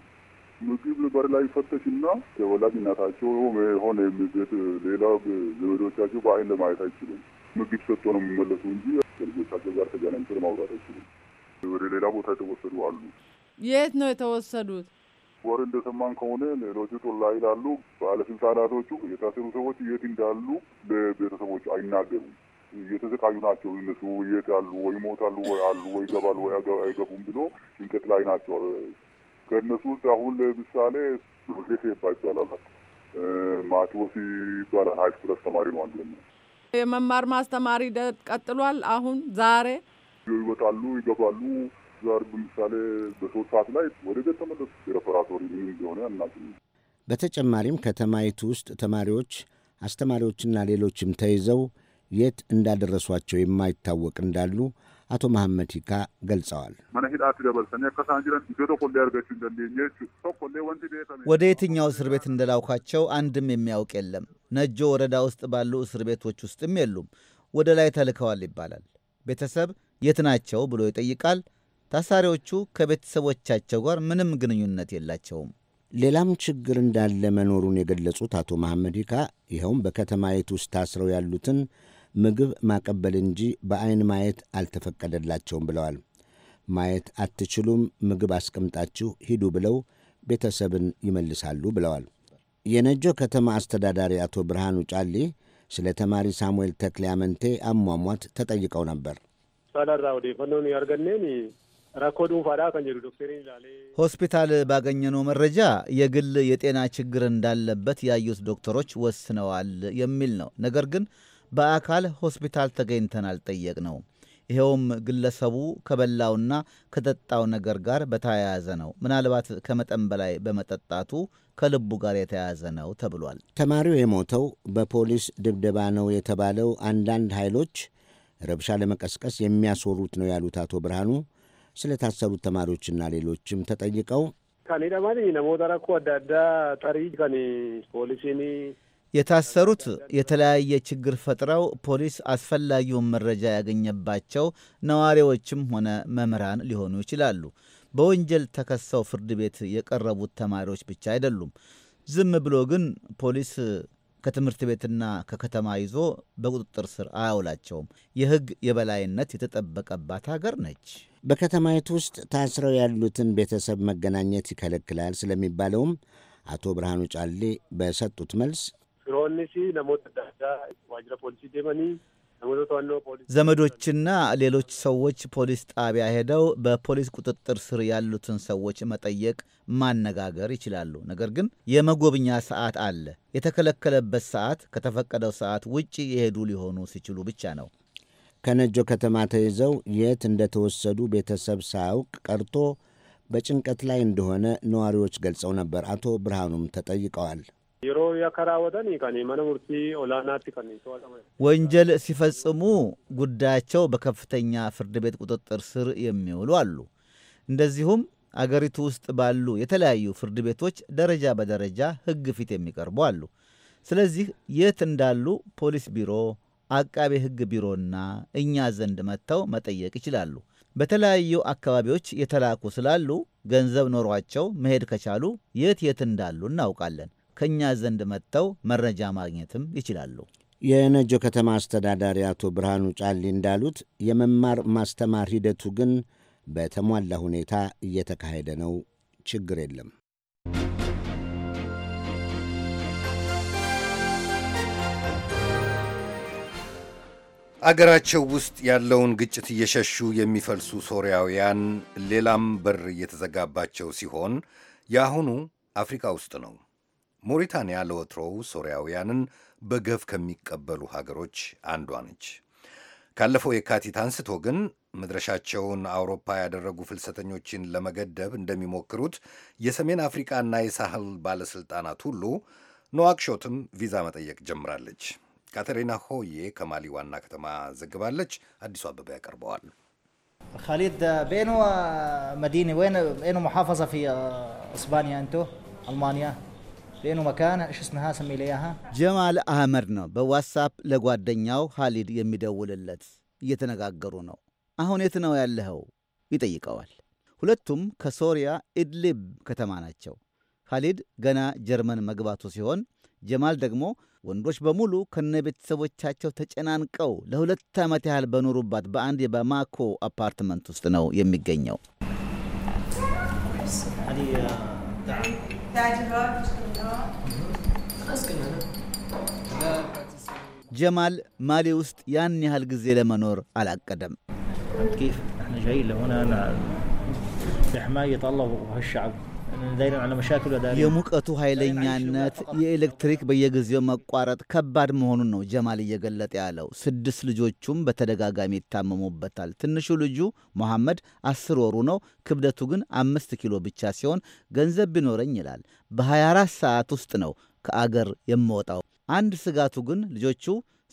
ምግብ በር ላይ ፈተሽና የወላጅ እናታቸው ሆነ ሌላ ዘመዶቻቸው በአይን ለማየት አይችሉም። ምግብ ሰጥቶ ነው የሚመለሱ እንጂ ከልጆቻቸው ጋር ተገናኝቶ ማውራት አይችሉም። ወደ ሌላ ቦታ የተወሰዱ አሉ። የት ነው የተወሰዱት? ወር እንደሰማን ከሆነ ሌሎቹ ጦላ ይላሉ። ባለስልጣናቶቹ የታሰሩ ሰዎች የት እንዳሉ ለቤተሰቦች አይናገሩም። እየተሰቃዩ ናቸው። እነሱ የት አሉ? ወይ ሞታሉ፣ ወይ አሉ ወይ ይገባሉ ወይ አይገቡም ብሎ ጭንቀት ላይ ናቸው። ከእነሱ ውስጥ አሁን ለምሳሌ ሴፋ ይባላል፣ ማቴዎስ ይባላል። ሀይ ስኩል አስተማሪ ነው አንዱ የመማር ማስተማር ሂደት ቀጥሏል። አሁን ዛሬ ይወጣሉ፣ ይገባሉ። ዛሬ ለምሳሌ በሶስት ሰዓት ላይ ወደ ቤት ተመለሱ። የሬፐራቶሪ ምን እንደሆነ አናውቅም። በተጨማሪም ከተማይቱ ውስጥ ተማሪዎች፣ አስተማሪዎችና ሌሎችም ተይዘው የት እንዳደረሷቸው የማይታወቅ እንዳሉ አቶ መሐመድ ሂካ ገልጸዋል። ወደ የትኛው እስር ቤት እንደላውኳቸው አንድም የሚያውቅ የለም። ነጆ ወረዳ ውስጥ ባሉ እስር ቤቶች ውስጥም የሉም። ወደ ላይ ተልከዋል ይባላል። ቤተሰብ የት ናቸው ብሎ ይጠይቃል። ታሳሪዎቹ ከቤተሰቦቻቸው ጋር ምንም ግንኙነት የላቸውም። ሌላም ችግር እንዳለ መኖሩን የገለጹት አቶ መሐመድ ሂካ ይኸውም በከተማይቱ ውስጥ ታስረው ያሉትን ምግብ ማቀበል እንጂ በአይን ማየት አልተፈቀደላቸውም ብለዋል። ማየት አትችሉም፣ ምግብ አስቀምጣችሁ ሂዱ ብለው ቤተሰብን ይመልሳሉ ብለዋል። የነጆ ከተማ አስተዳዳሪ አቶ ብርሃኑ ጫሊ ስለ ተማሪ ሳሙኤል ተክሌ አመንቴ አሟሟት ተጠይቀው ነበር። ሆስፒታል ባገኘነው መረጃ የግል የጤና ችግር እንዳለበት ያዩት ዶክተሮች ወስነዋል የሚል ነው። ነገር ግን በአካል ሆስፒታል ተገኝተን ነው። ይኸውም ግለሰቡ ከበላውና ከጠጣው ነገር ጋር በተያያዘ ነው። ምናልባት ከመጠን በላይ በመጠጣቱ ከልቡ ጋር የተያያዘ ነው ተብሏል። ተማሪው የሞተው በፖሊስ ድብደባ ነው የተባለው አንዳንድ ኃይሎች ረብሻ ለመቀስቀስ የሚያስወሩት ነው ያሉት አቶ ብርሃኑ ታሰሩት ተማሪዎችና ሌሎችም ተጠይቀው ከኔ ነሞታ ረኮ አዳዳ ጠሪ ፖሊሲኒ የታሰሩት የተለያየ ችግር ፈጥረው ፖሊስ አስፈላጊውን መረጃ ያገኘባቸው ነዋሪዎችም ሆነ መምህራን ሊሆኑ ይችላሉ። በወንጀል ተከሰው ፍርድ ቤት የቀረቡት ተማሪዎች ብቻ አይደሉም። ዝም ብሎ ግን ፖሊስ ከትምህርት ቤትና ከከተማ ይዞ በቁጥጥር ስር አያውላቸውም። የሕግ የበላይነት የተጠበቀባት ሀገር ነች። በከተማይቱ ውስጥ ታስረው ያሉትን ቤተሰብ መገናኘት ይከለክላል ስለሚባለውም አቶ ብርሃኑ ጫሌ በሰጡት መልስ ድሮንስ ለሞት adda addaa ፖሊሲ poolisii ዘመዶችና ሌሎች ሰዎች ፖሊስ ጣቢያ ሄደው በፖሊስ ቁጥጥር ስር ያሉትን ሰዎች መጠየቅ፣ ማነጋገር ይችላሉ። ነገር ግን የመጎብኛ ሰዓት አለ። የተከለከለበት ሰዓት ከተፈቀደው ሰዓት ውጭ የሄዱ ሊሆኑ ሲችሉ ብቻ ነው። ከነጆ ከተማ ተይዘው የት እንደተወሰዱ ቤተሰብ ሳያውቅ ቀርቶ በጭንቀት ላይ እንደሆነ ነዋሪዎች ገልጸው ነበር። አቶ ብርሃኑም ተጠይቀዋል። ወንጀል ሲፈጽሙ ጉዳያቸው በከፍተኛ ፍርድ ቤት ቁጥጥር ስር የሚውሉ አሉ። እንደዚሁም አገሪቱ ውስጥ ባሉ የተለያዩ ፍርድ ቤቶች ደረጃ በደረጃ ሕግ ፊት የሚቀርቡ አሉ። ስለዚህ የት እንዳሉ ፖሊስ ቢሮ፣ አቃቤ ሕግ ቢሮና እኛ ዘንድ መጥተው መጠየቅ ይችላሉ። በተለያዩ አካባቢዎች የተላኩ ስላሉ ገንዘብ ኖሯቸው መሄድ ከቻሉ የት የት እንዳሉ እናውቃለን። ከእኛ ዘንድ መጥተው መረጃ ማግኘትም ይችላሉ። የነጆ ከተማ አስተዳዳሪ አቶ ብርሃኑ ጫሊ እንዳሉት የመማር ማስተማር ሂደቱ ግን በተሟላ ሁኔታ እየተካሄደ ነው። ችግር የለም። አገራቸው ውስጥ ያለውን ግጭት እየሸሹ የሚፈልሱ ሶሪያውያን ሌላም በር እየተዘጋባቸው ሲሆን የአሁኑ አፍሪካ ውስጥ ነው። ሞሪታንያ ለወትሮው ሶሪያውያንን በገፍ ከሚቀበሉ ሀገሮች አንዷ ነች። ካለፈው የካቲት አንስቶ ግን መድረሻቸውን አውሮፓ ያደረጉ ፍልሰተኞችን ለመገደብ እንደሚሞክሩት የሰሜን አፍሪቃና የሳህል ባለሥልጣናት ሁሉ ነዋክሾትም ቪዛ መጠየቅ ጀምራለች። ካተሪና ሆዬ ከማሊ ዋና ከተማ ዘግባለች። አዲሱ አበባ ያቀርበዋል። ካሊድ ቤኖ መዲኒ ኖ ሙሓፈዛ ፊ እስፓኒያ እንቶ አልማንያ ሌኑ مكان شو اسمها ጀማል አህመድ ነው በዋትሳፕ ለጓደኛው ሀሊድ የሚደውልለት እየተነጋገሩ ነው። አሁን የት ነው ያለኸው ይጠይቀዋል። ሁለቱም ከሶሪያ ኢድሊብ ከተማ ናቸው። ሀሊድ ገና ጀርመን መግባቱ ሲሆን ጀማል ደግሞ ወንዶች በሙሉ ከነ ቤተሰቦቻቸው ተጨናንቀው ለሁለት ዓመት ያህል በኖሩባት በአንድ የባማኮ አፓርትመንት ውስጥ ነው የሚገኘው። ጀማል ማሊ ውስጥ ያን ያህል ጊዜ ለመኖር አላቀደም። كيف احنا جايين لهنا لحماية الله وهالشعب የሙቀቱ ኃይለኛነት የኤሌክትሪክ በየጊዜው መቋረጥ ከባድ መሆኑን ነው ጀማል እየገለጠ ያለው። ስድስት ልጆቹም በተደጋጋሚ ይታመሙበታል። ትንሹ ልጁ መሐመድ አስር ወሩ ነው። ክብደቱ ግን አምስት ኪሎ ብቻ ሲሆን ገንዘብ ቢኖረኝ ይላል በ24 ሰዓት ውስጥ ነው ከአገር የምወጣው። አንድ ስጋቱ ግን ልጆቹ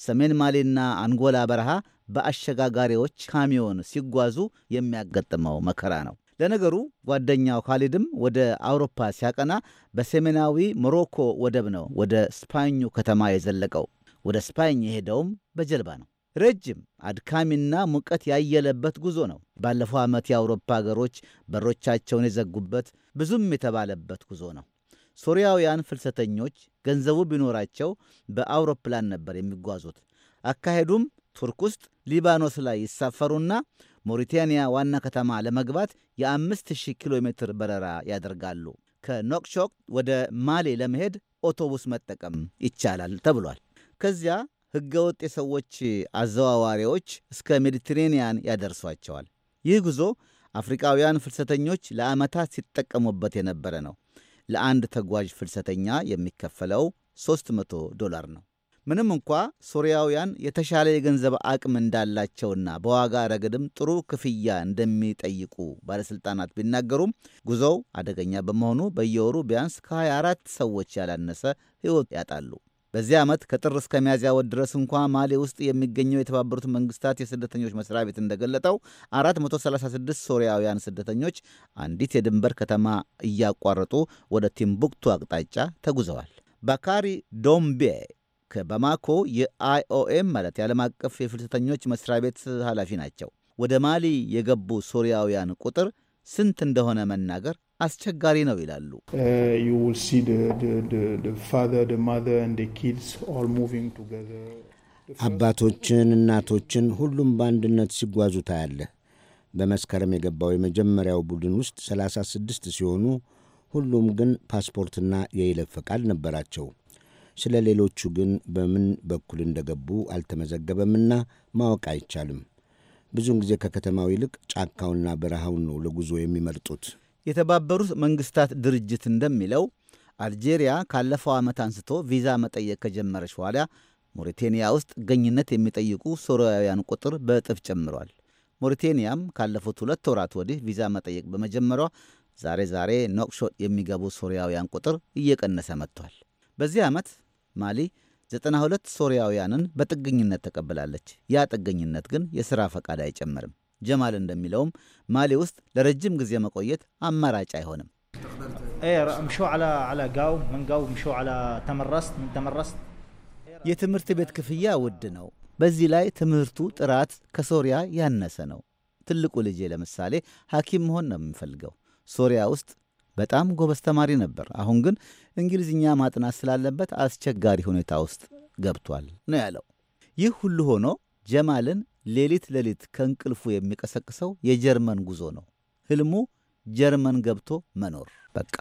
ሰሜን ማሊና አንጎላ በረሃ በአሸጋጋሪዎች ካሚዮን ሲጓዙ የሚያጋጥመው መከራ ነው። ለነገሩ ጓደኛው ካሊድም ወደ አውሮፓ ሲያቀና በሰሜናዊ ሞሮኮ ወደብ ነው ወደ ስፓኙ ከተማ የዘለቀው። ወደ ስፓኝ የሄደውም በጀልባ ነው። ረጅም አድካሚና ሙቀት ያየለበት ጉዞ ነው። ባለፈው ዓመት የአውሮፓ አገሮች በሮቻቸውን የዘጉበት ብዙም የተባለበት ጉዞ ነው። ሶርያውያን ፍልሰተኞች ገንዘቡ ቢኖራቸው በአውሮፕላን ነበር የሚጓዙት። አካሄዱም ቱርክ ውስጥ ሊባኖስ ላይ ይሳፈሩና ሞሪታንያ ዋና ከተማ ለመግባት የ5000 ኪሎ ሜትር በረራ ያደርጋሉ። ከኖክሾክ ወደ ማሌ ለመሄድ ኦቶቡስ መጠቀም ይቻላል ተብሏል። ከዚያ ሕገወጥ የሰዎች አዘዋዋሪዎች እስከ ሜዲትሬንያን ያደርሷቸዋል። ይህ ጉዞ አፍሪካውያን ፍልሰተኞች ለዓመታት ሲጠቀሙበት የነበረ ነው። ለአንድ ተጓዥ ፍልሰተኛ የሚከፈለው 300 ዶላር ነው። ምንም እንኳ ሶርያውያን የተሻለ የገንዘብ አቅም እንዳላቸውና በዋጋ ረገድም ጥሩ ክፍያ እንደሚጠይቁ ባለሥልጣናት ቢናገሩም ጉዞው አደገኛ በመሆኑ በየወሩ ቢያንስ ከ24 ሰዎች ያላነሰ ሕይወት ያጣሉ። በዚህ ዓመት ከጥር እስከ ሚያዝያ ወር ድረስ እንኳ ማሊ ውስጥ የሚገኘው የተባበሩት መንግስታት የስደተኞች መስሪያ ቤት እንደገለጠው 436 ሶርያውያን ስደተኞች አንዲት የድንበር ከተማ እያቋረጡ ወደ ቲምቡክቱ አቅጣጫ ተጉዘዋል። ባካሪ ዶምቤ ከባማኮ የአይኦኤም ማለት የዓለም አቀፍ የፍልሰተኞች መስሪያ ቤት ኃላፊ ናቸው። ወደ ማሊ የገቡ ሶሪያውያን ቁጥር ስንት እንደሆነ መናገር አስቸጋሪ ነው ይላሉ። uh, አባቶችን፣ እናቶችን ሁሉም በአንድነት ሲጓዙ ታያለህ። በመስከረም የገባው የመጀመሪያው ቡድን ውስጥ 36 ሲሆኑ ሁሉም ግን ፓስፖርትና የይለፍ ፈቃድ ነበራቸው። ስለ ሌሎቹ ግን በምን በኩል እንደገቡ አልተመዘገበምና ማወቅ አይቻልም። ብዙውን ጊዜ ከከተማው ይልቅ ጫካውና በረሃውን ነው ለጉዞ የሚመርጡት። የተባበሩት መንግስታት ድርጅት እንደሚለው አልጄሪያ ካለፈው ዓመት አንስቶ ቪዛ መጠየቅ ከጀመረች በኋላ ሞሪቴንያ ውስጥ ገኝነት የሚጠይቁ ሶሪያውያን ቁጥር በእጥፍ ጨምሯል። ሞሪቴንያም ካለፉት ሁለት ወራት ወዲህ ቪዛ መጠየቅ በመጀመሯ ዛሬ ዛሬ ኖቅሾ የሚገቡ ሶርያውያን ቁጥር እየቀነሰ መጥቷል። በዚህ ዓመት ማሊ 92 ሶሪያውያንን በጥገኝነት ተቀብላለች። ያ ጥገኝነት ግን የሥራ ፈቃድ አይጨምርም። ጀማል እንደሚለውም ማሊ ውስጥ ለረጅም ጊዜ መቆየት አማራጭ አይሆንም። የትምህርት ቤት ክፍያ ውድ ነው። በዚህ ላይ ትምህርቱ ጥራት ከሶሪያ ያነሰ ነው። ትልቁ ልጄ ለምሳሌ ሐኪም መሆን ነው የምፈልገው። ሶሪያ ውስጥ በጣም ጎበዝ ተማሪ ነበር። አሁን ግን እንግሊዝኛ ማጥናት ስላለበት አስቸጋሪ ሁኔታ ውስጥ ገብቷል ነው ያለው። ይህ ሁሉ ሆኖ ጀማልን ሌሊት ሌሊት ከእንቅልፉ የሚቀሰቅሰው የጀርመን ጉዞ ነው። ህልሙ ጀርመን ገብቶ መኖር በቃ።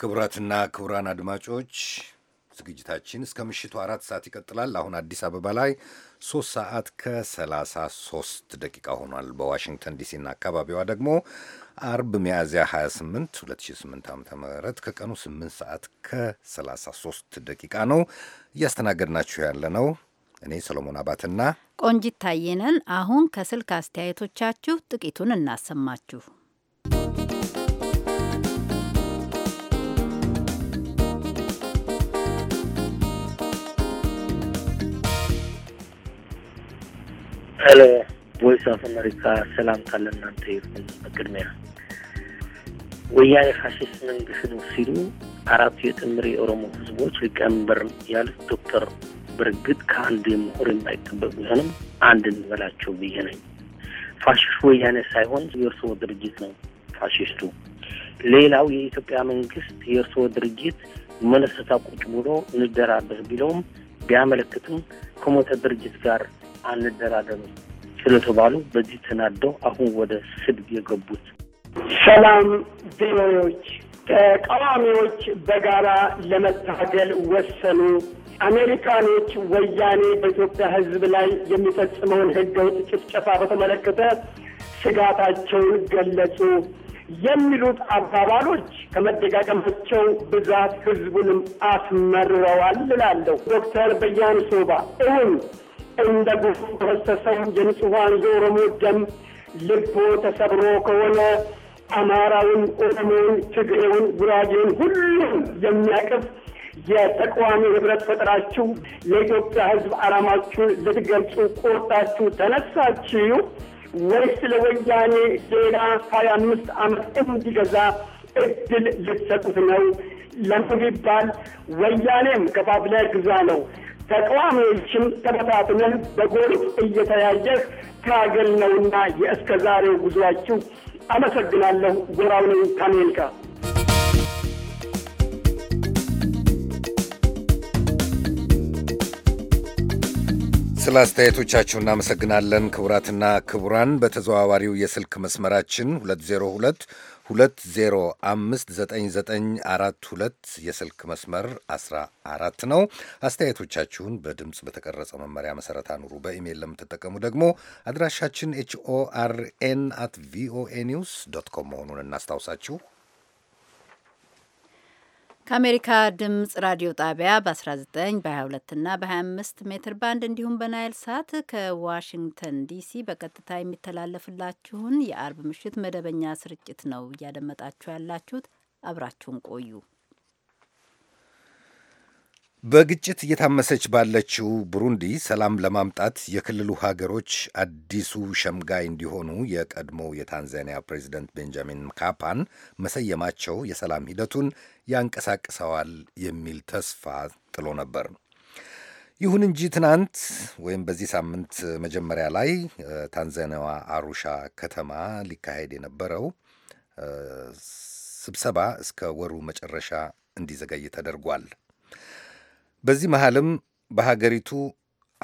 ክቡራትና ክቡራን አድማጮች ዝግጅታችን እስከ ምሽቱ አራት ሰዓት ይቀጥላል። አሁን አዲስ አበባ ላይ ሶስት ሰዓት ከሰላሳ ሶስት ደቂቃ ሆኗል። በዋሽንግተን ዲሲና አካባቢዋ ደግሞ አርብ ሚያዝያ 28 2008 ዓ ም ከቀኑ 8 ሰዓት ከ33 ደቂቃ ነው። እያስተናገድናችሁ ያለ ነው እኔ ሰሎሞን አባትና ቆንጂት ታየነን። አሁን ከስልክ አስተያየቶቻችሁ ጥቂቱን እናሰማችሁ። ሄሎ ቮይስ ኦፍ አሜሪካ ሰላምታ ለእናንተ ይሁን። በቅድሚያ ወያኔ ፋሽስት መንግስት ነው ሲሉ አራቱ የጥምር የኦሮሞ ህዝቦች ሊቀመንበር ያሉት ዶክተር በእርግጥ ከአንድ የምሁር የማይጠበቅ ቢሆንም አንድ እንበላቸው ብዬ ነኝ። ፋሽስት ወያኔ ሳይሆን የእርስዎ ድርጅት ነው ፋሽስቱ። ሌላው የኢትዮጵያ መንግስት የእርስዎ ድርጅት መነሰታ ቁጭ ብሎ እንደራደር ቢለውም ቢያመለክትም ከሞተ ድርጅት ጋር አንደራደሩም ስለተባሉ በዚህ ተናደው አሁን ወደ ስድብ የገቡት። ሰላም ቪኦኤዎች፣ ተቃዋሚዎች በጋራ ለመታገል ወሰኑ። አሜሪካኖች ወያኔ በኢትዮጵያ ሕዝብ ላይ የሚፈጽመውን ሕገወጥ ጭፍጨፋ በተመለከተ ስጋታቸውን ገለጹ የሚሉት አባባሎች ከመደጋገማቸው ብዛት ህዝቡንም አስመርረዋል እላለሁ። ዶክተር በያን ሶባ እሁን እንደ ጉ በፈሰሰው የንጹሐን የኦሮሞ ደም ልቦ ተሰብሮ ከሆነ አማራውን፣ ኦሮሞውን፣ ትግሬውን፣ ጉራጌውን ሁሉም የሚያቅፍ የተቃዋሚ ህብረት ፈጥራችሁ ለኢትዮጵያ ህዝብ አላማችሁን ልትገልጹ ቆርጣችሁ ተነሳችሁ ወይስ ለወያኔ ሌላ ሀያ አምስት ዓመት እንዲገዛ እድል ልትሰጡት ነው? ለምን ቢባል ወያኔም ገባብለህ ግዛ ነው ተቃዋሚዎችም ተበታትነን በጎርፍ እየተያየህ ታገል ነውና የእስከ ዛሬው ጉዞአችሁ አመሰግናለሁ። ጎራው ነኝ ከአሜሪካ። ስለ አስተያየቶቻችሁ እናመሰግናለን። ክቡራትና ክቡራን በተዘዋዋሪው የስልክ መስመራችን 202 2059942 የስልክ መስመር 14 ነው። አስተያየቶቻችሁን በድምፅ በተቀረጸ መመሪያ መሰረት አኑሩ። በኢሜይል ለምትጠቀሙ ደግሞ አድራሻችን ኤችኦአርኤን አት ቪኦኤ ኒውስ ዶት ኮም መሆኑን እናስታውሳችሁ። ከአሜሪካ ድምፅ ራዲዮ ጣቢያ በ19 በ22 እና በ25 ሜትር ባንድ እንዲሁም በናይል ሳት ከዋሽንግተን ዲሲ በቀጥታ የሚተላለፍላችሁን የአርብ ምሽት መደበኛ ስርጭት ነው እያደመጣችሁ ያላችሁት። አብራችሁን ቆዩ። በግጭት እየታመሰች ባለችው ቡሩንዲ ሰላም ለማምጣት የክልሉ ሀገሮች አዲሱ ሸምጋይ እንዲሆኑ የቀድሞው የታንዛኒያ ፕሬዚደንት ቤንጃሚን ምካፓን መሰየማቸው የሰላም ሂደቱን ያንቀሳቅሰዋል የሚል ተስፋ ጥሎ ነበር። ይሁን እንጂ ትናንት ወይም በዚህ ሳምንት መጀመሪያ ላይ ታንዛኒያዋ አሩሻ ከተማ ሊካሄድ የነበረው ስብሰባ እስከ ወሩ መጨረሻ እንዲዘገይ ተደርጓል። በዚህ መሃልም በሀገሪቱ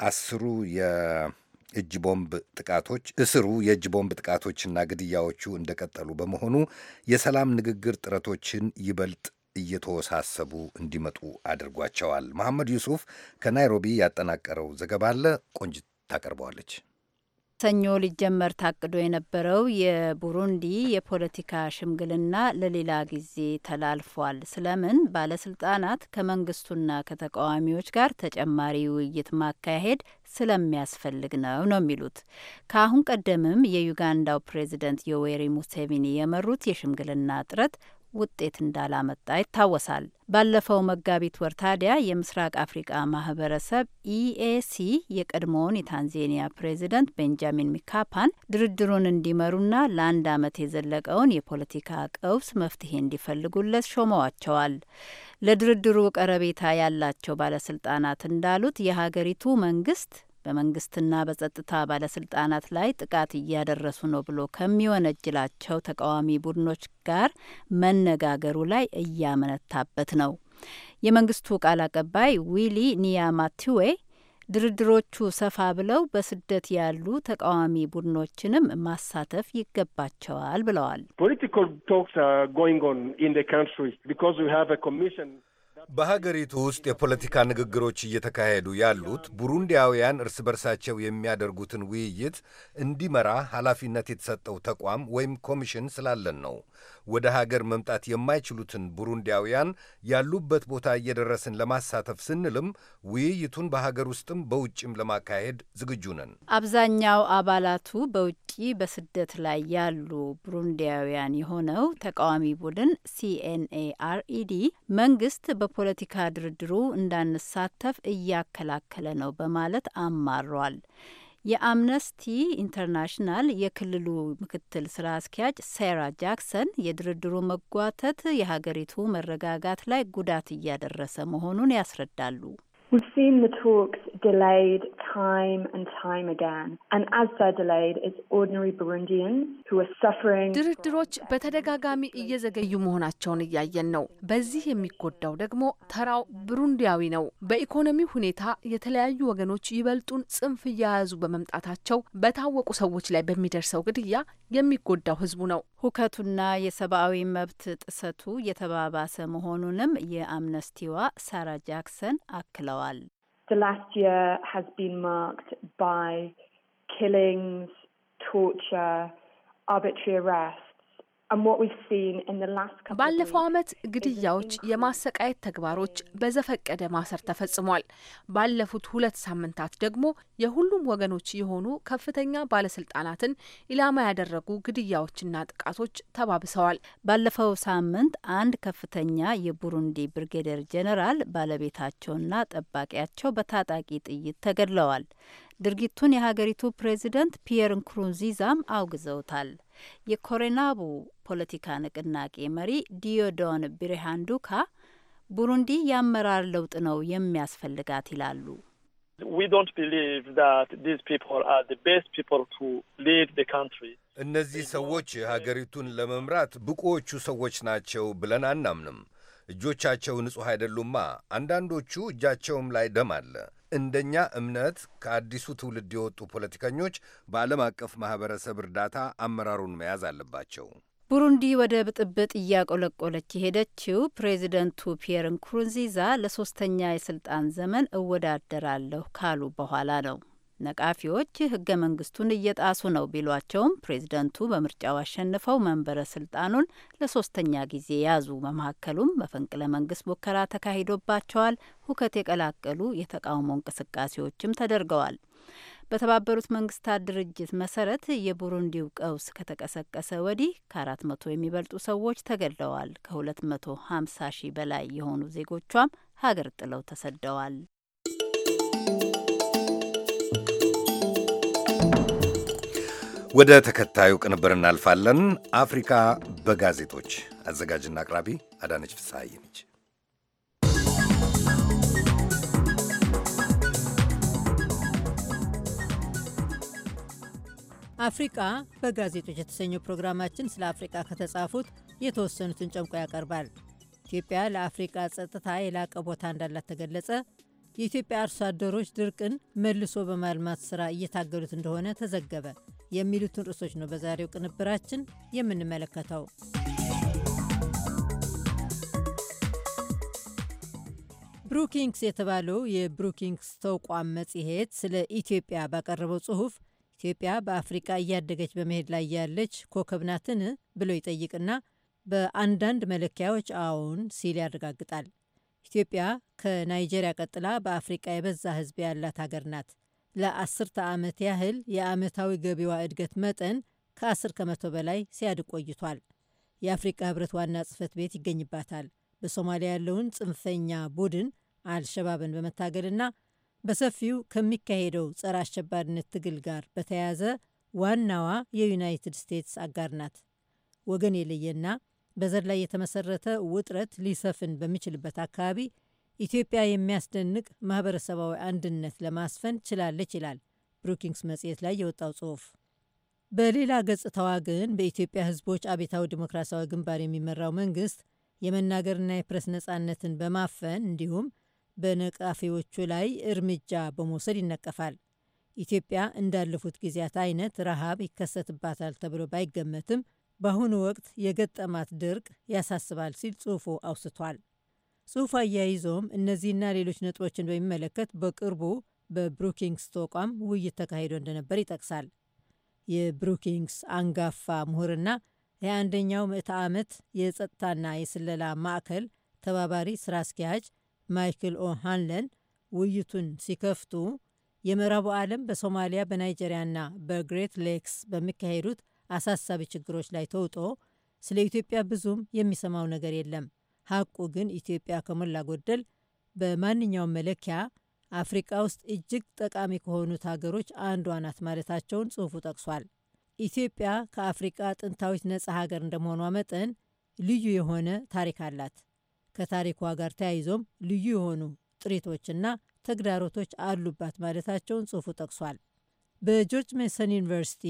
አስሩ የእጅ ቦምብ ጥቃቶች እስሩ የእጅ ቦምብ ጥቃቶችና ግድያዎቹ እንደቀጠሉ በመሆኑ የሰላም ንግግር ጥረቶችን ይበልጥ እየተወሳሰቡ እንዲመጡ አድርጓቸዋል። መሐመድ ዩሱፍ ከናይሮቢ ያጠናቀረው ዘገባ አለ ቆንጅት ታቀርበዋለች። ሰኞ ሊጀመር ታቅዶ የነበረው የቡሩንዲ የፖለቲካ ሽምግልና ለሌላ ጊዜ ተላልፏል። ስለምን ባለስልጣናት ከመንግስቱና ከተቃዋሚዎች ጋር ተጨማሪ ውይይት ማካሄድ ስለሚያስፈልግ ነው ነው የሚሉት። ከአሁን ቀደምም የዩጋንዳው ፕሬዚደንት ዮዌሪ ሙሴቪኒ የመሩት የሽምግልና ጥረት ውጤት እንዳላመጣ ይታወሳል። ባለፈው መጋቢት ወር ታዲያ የምስራቅ አፍሪቃ ማህበረሰብ ኢኤሲ e የቀድሞውን የታንዜኒያ ፕሬዚደንት ቤንጃሚን ሚካፓን ድርድሩን እንዲመሩና ለአንድ ዓመት የዘለቀውን የፖለቲካ ቀውስ መፍትሄ እንዲፈልጉለት ሾመዋቸዋል። ለድርድሩ ቀረቤታ ያላቸው ባለስልጣናት እንዳሉት የሀገሪቱ መንግስት በመንግስትና በጸጥታ ባለስልጣናት ላይ ጥቃት እያደረሱ ነው ብሎ ከሚወነጅላቸው ተቃዋሚ ቡድኖች ጋር መነጋገሩ ላይ እያመነታበት ነው። የመንግስቱ ቃል አቀባይ ዊሊ ኒያማቲዌ ድርድሮቹ ሰፋ ብለው በስደት ያሉ ተቃዋሚ ቡድኖችንም ማሳተፍ ይገባቸዋል ብለዋል። በሀገሪቱ ውስጥ የፖለቲካ ንግግሮች እየተካሄዱ ያሉት ቡሩንዲያውያን እርስ በርሳቸው የሚያደርጉትን ውይይት እንዲመራ ኃላፊነት የተሰጠው ተቋም ወይም ኮሚሽን ስላለን ነው። ወደ ሀገር መምጣት የማይችሉትን ቡሩንዲያውያን ያሉበት ቦታ እየደረስን ለማሳተፍ ስንልም ውይይቱን በሀገር ውስጥም በውጭም ለማካሄድ ዝግጁ ነን። አብዛኛው አባላቱ በውጭ በስደት ላይ ያሉ ቡሩንዲያውያን የሆነው ተቃዋሚ ቡድን ሲኤንኤአርኢዲ መንግስት በፖለቲካ ድርድሩ እንዳንሳተፍ እያከላከለ ነው በማለት አማሯል። የአምነስቲ ኢንተርናሽናል የክልሉ ምክትል ስራ አስኪያጅ ሴራ ጃክሰን የድርድሩ መጓተት የሀገሪቱ መረጋጋት ላይ ጉዳት እያደረሰ መሆኑን ያስረዳሉ። We've seen the talks delayed time and time again. And as they're delayed, it's ordinary Burundians who are suffering. ድርድሮች በተደጋጋሚ እየዘገዩ መሆናቸውን እያየን ነው። በዚህ የሚጎዳው ደግሞ ተራው ብሩንዲያዊ ነው። በኢኮኖሚ ሁኔታ የተለያዩ ወገኖች ይበልጡን ጽንፍ እያያዙ በመምጣታቸው በታወቁ ሰዎች ላይ በሚደርሰው ግድያ የሚጎዳው ህዝቡ ነው። ሁከቱና የሰብአዊ መብት ጥሰቱ የተባባሰ መሆኑንም የአምነስቲዋ ሳራ ጃክሰን አክለው The last year has been marked by killings, torture, arbitrary arrests, ባለፈው ዓመት ግድያዎች፣ የማሰቃየት ተግባሮች፣ በዘፈቀደ ማሰር ተፈጽሟል። ባለፉት ሁለት ሳምንታት ደግሞ የሁሉም ወገኖች የሆኑ ከፍተኛ ባለስልጣናትን ኢላማ ያደረጉ ግድያዎችና ጥቃቶች ተባብሰዋል። ባለፈው ሳምንት አንድ ከፍተኛ የቡሩንዲ ብርጌደር ጄኔራል ባለቤታቸውና ጠባቂያቸው በታጣቂ ጥይት ተገድለዋል። ድርጊቱን የሀገሪቱ ፕሬዚደንት ፒየር ንኩሩንዚዛም አውግዘውታል። የኮሬናቡ ፖለቲካ ንቅናቄ መሪ ዲዮዶን ቢሬሃንዱካ ቡሩንዲ የአመራር ለውጥ ነው የሚያስፈልጋት ይላሉ። እነዚህ ሰዎች ሀገሪቱን ለመምራት ብቁዎቹ ሰዎች ናቸው ብለን አናምንም። እጆቻቸው ንጹሕ አይደሉማ። አንዳንዶቹ እጃቸውም ላይ ደም አለ። እንደኛ እምነት ከአዲሱ ትውልድ የወጡ ፖለቲከኞች በዓለም አቀፍ ማህበረሰብ እርዳታ አመራሩን መያዝ አለባቸው። ቡሩንዲ ወደ ብጥብጥ እያቆለቆለች የሄደችው ፕሬዚደንቱ ፒየር ንኩሩንዚዛ ለሶስተኛ የስልጣን ዘመን እወዳደራለሁ ካሉ በኋላ ነው። ነቃፊዎች ህገ መንግስቱን እየጣሱ ነው ቢሏቸውም ፕሬዝደንቱ በምርጫው አሸንፈው መንበረ ስልጣኑን ለሶስተኛ ጊዜ ያዙ። በመካከሉም መፈንቅለ መንግስት ሙከራ ተካሂዶባቸዋል። ሁከት የቀላቀሉ የተቃውሞ እንቅስቃሴዎችም ተደርገዋል። በተባበሩት መንግስታት ድርጅት መሰረት የቡሩንዲው ቀውስ ከተቀሰቀሰ ወዲህ ከአራት መቶ የሚበልጡ ሰዎች ተገድለዋል። ከሁለት መቶ ሀምሳ ሺህ በላይ የሆኑ ዜጎቿም ሀገር ጥለው ተሰደዋል። ወደ ተከታዩ ቅንብር እናልፋለን። አፍሪካ በጋዜጦች አዘጋጅና አቅራቢ አዳነች ፍስሐዬ ነች። አፍሪቃ በጋዜጦች የተሰኘው ፕሮግራማችን ስለ አፍሪቃ ከተጻፉት የተወሰኑትን ጨምቆ ያቀርባል። ኢትዮጵያ ለአፍሪቃ ጸጥታ የላቀ ቦታ እንዳላት ተገለጸ፣ የኢትዮጵያ አርሶ አደሮች ድርቅን መልሶ በማልማት ስራ እየታገሉት እንደሆነ ተዘገበ፣ የሚሉትን ርዕሶች ነው በዛሬው ቅንብራችን የምንመለከተው። ብሩኪንግስ የተባለው የብሩኪንግስ ተቋም መጽሔት ስለ ኢትዮጵያ ባቀረበው ጽሑፍ ኢትዮጵያ በአፍሪቃ እያደገች በመሄድ ላይ ያለች ኮከብ ናትን ብሎ ይጠይቅና በአንዳንድ መለኪያዎች አዎን ሲል ያረጋግጣል። ኢትዮጵያ ከናይጄሪያ ቀጥላ በአፍሪቃ የበዛ ሕዝብ ያላት ሀገር ናት። ለአስርተ ዓመት ያህል የዓመታዊ ገቢዋ እድገት መጠን ከ ከመቶ በላይ ሲያድግ ቆይቷል። የአፍሪካ ህብረት ዋና ጽህፈት ቤት ይገኝባታል። በሶማሊያ ያለውን ጽንፈኛ ቡድን አልሸባብን በመታገልና በሰፊው ከሚካሄደው ጸረ አሸባሪነት ትግል ጋር በተያያዘ ዋናዋ የዩናይትድ ስቴትስ አጋር ናት። ወገን የለየና በዘር ላይ የተመሰረተ ውጥረት ሊሰፍን በሚችልበት አካባቢ ኢትዮጵያ የሚያስደንቅ ማህበረሰባዊ አንድነት ለማስፈን ችላለች ይላል ብሩኪንግስ መጽሔት ላይ የወጣው ጽሑፍ። በሌላ ገጽታዋ ግን በኢትዮጵያ ህዝቦች አብዮታዊ ዲሞክራሲያዊ ግንባር የሚመራው መንግስት የመናገርና የፕሬስ ነጻነትን በማፈን እንዲሁም በነቃፊዎቹ ላይ እርምጃ በመውሰድ ይነቀፋል። ኢትዮጵያ እንዳለፉት ጊዜያት አይነት ረሃብ ይከሰትባታል ተብሎ ባይገመትም በአሁኑ ወቅት የገጠማት ድርቅ ያሳስባል ሲል ጽሑፉ አውስቷል። ጽሑፍ አያይዞም እነዚህና ሌሎች ነጥቦችን በሚመለከት በቅርቡ በብሩኪንግስ ተቋም ውይይት ተካሂዶ እንደነበር ይጠቅሳል። የብሩኪንግስ አንጋፋ ምሁርና የአንደኛው ምዕተ ዓመት የጸጥታና የስለላ ማዕከል ተባባሪ ስራ አስኪያጅ ማይክል ኦ ሃንለን ውይይቱን ሲከፍቱ የምዕራቡ ዓለም በሶማሊያ በናይጀሪያና በግሬት ሌክስ በሚካሄዱት አሳሳቢ ችግሮች ላይ ተውጦ ስለ ኢትዮጵያ ብዙም የሚሰማው ነገር የለም ሀቁ ግን ኢትዮጵያ ከሞላ ጎደል በማንኛውም መለኪያ አፍሪቃ ውስጥ እጅግ ጠቃሚ ከሆኑት ሀገሮች አንዷ ናት ማለታቸውን ጽሑፉ ጠቅሷል። ኢትዮጵያ ከአፍሪቃ ጥንታዊት ነጻ ሀገር እንደመሆኗ መጠን ልዩ የሆነ ታሪክ አላት። ከታሪኳ ጋር ተያይዞም ልዩ የሆኑ ጥሪቶችና ተግዳሮቶች አሉባት ማለታቸውን ጽሑፉ ጠቅሷል። በጆርጅ ሜሰን ዩኒቨርሲቲ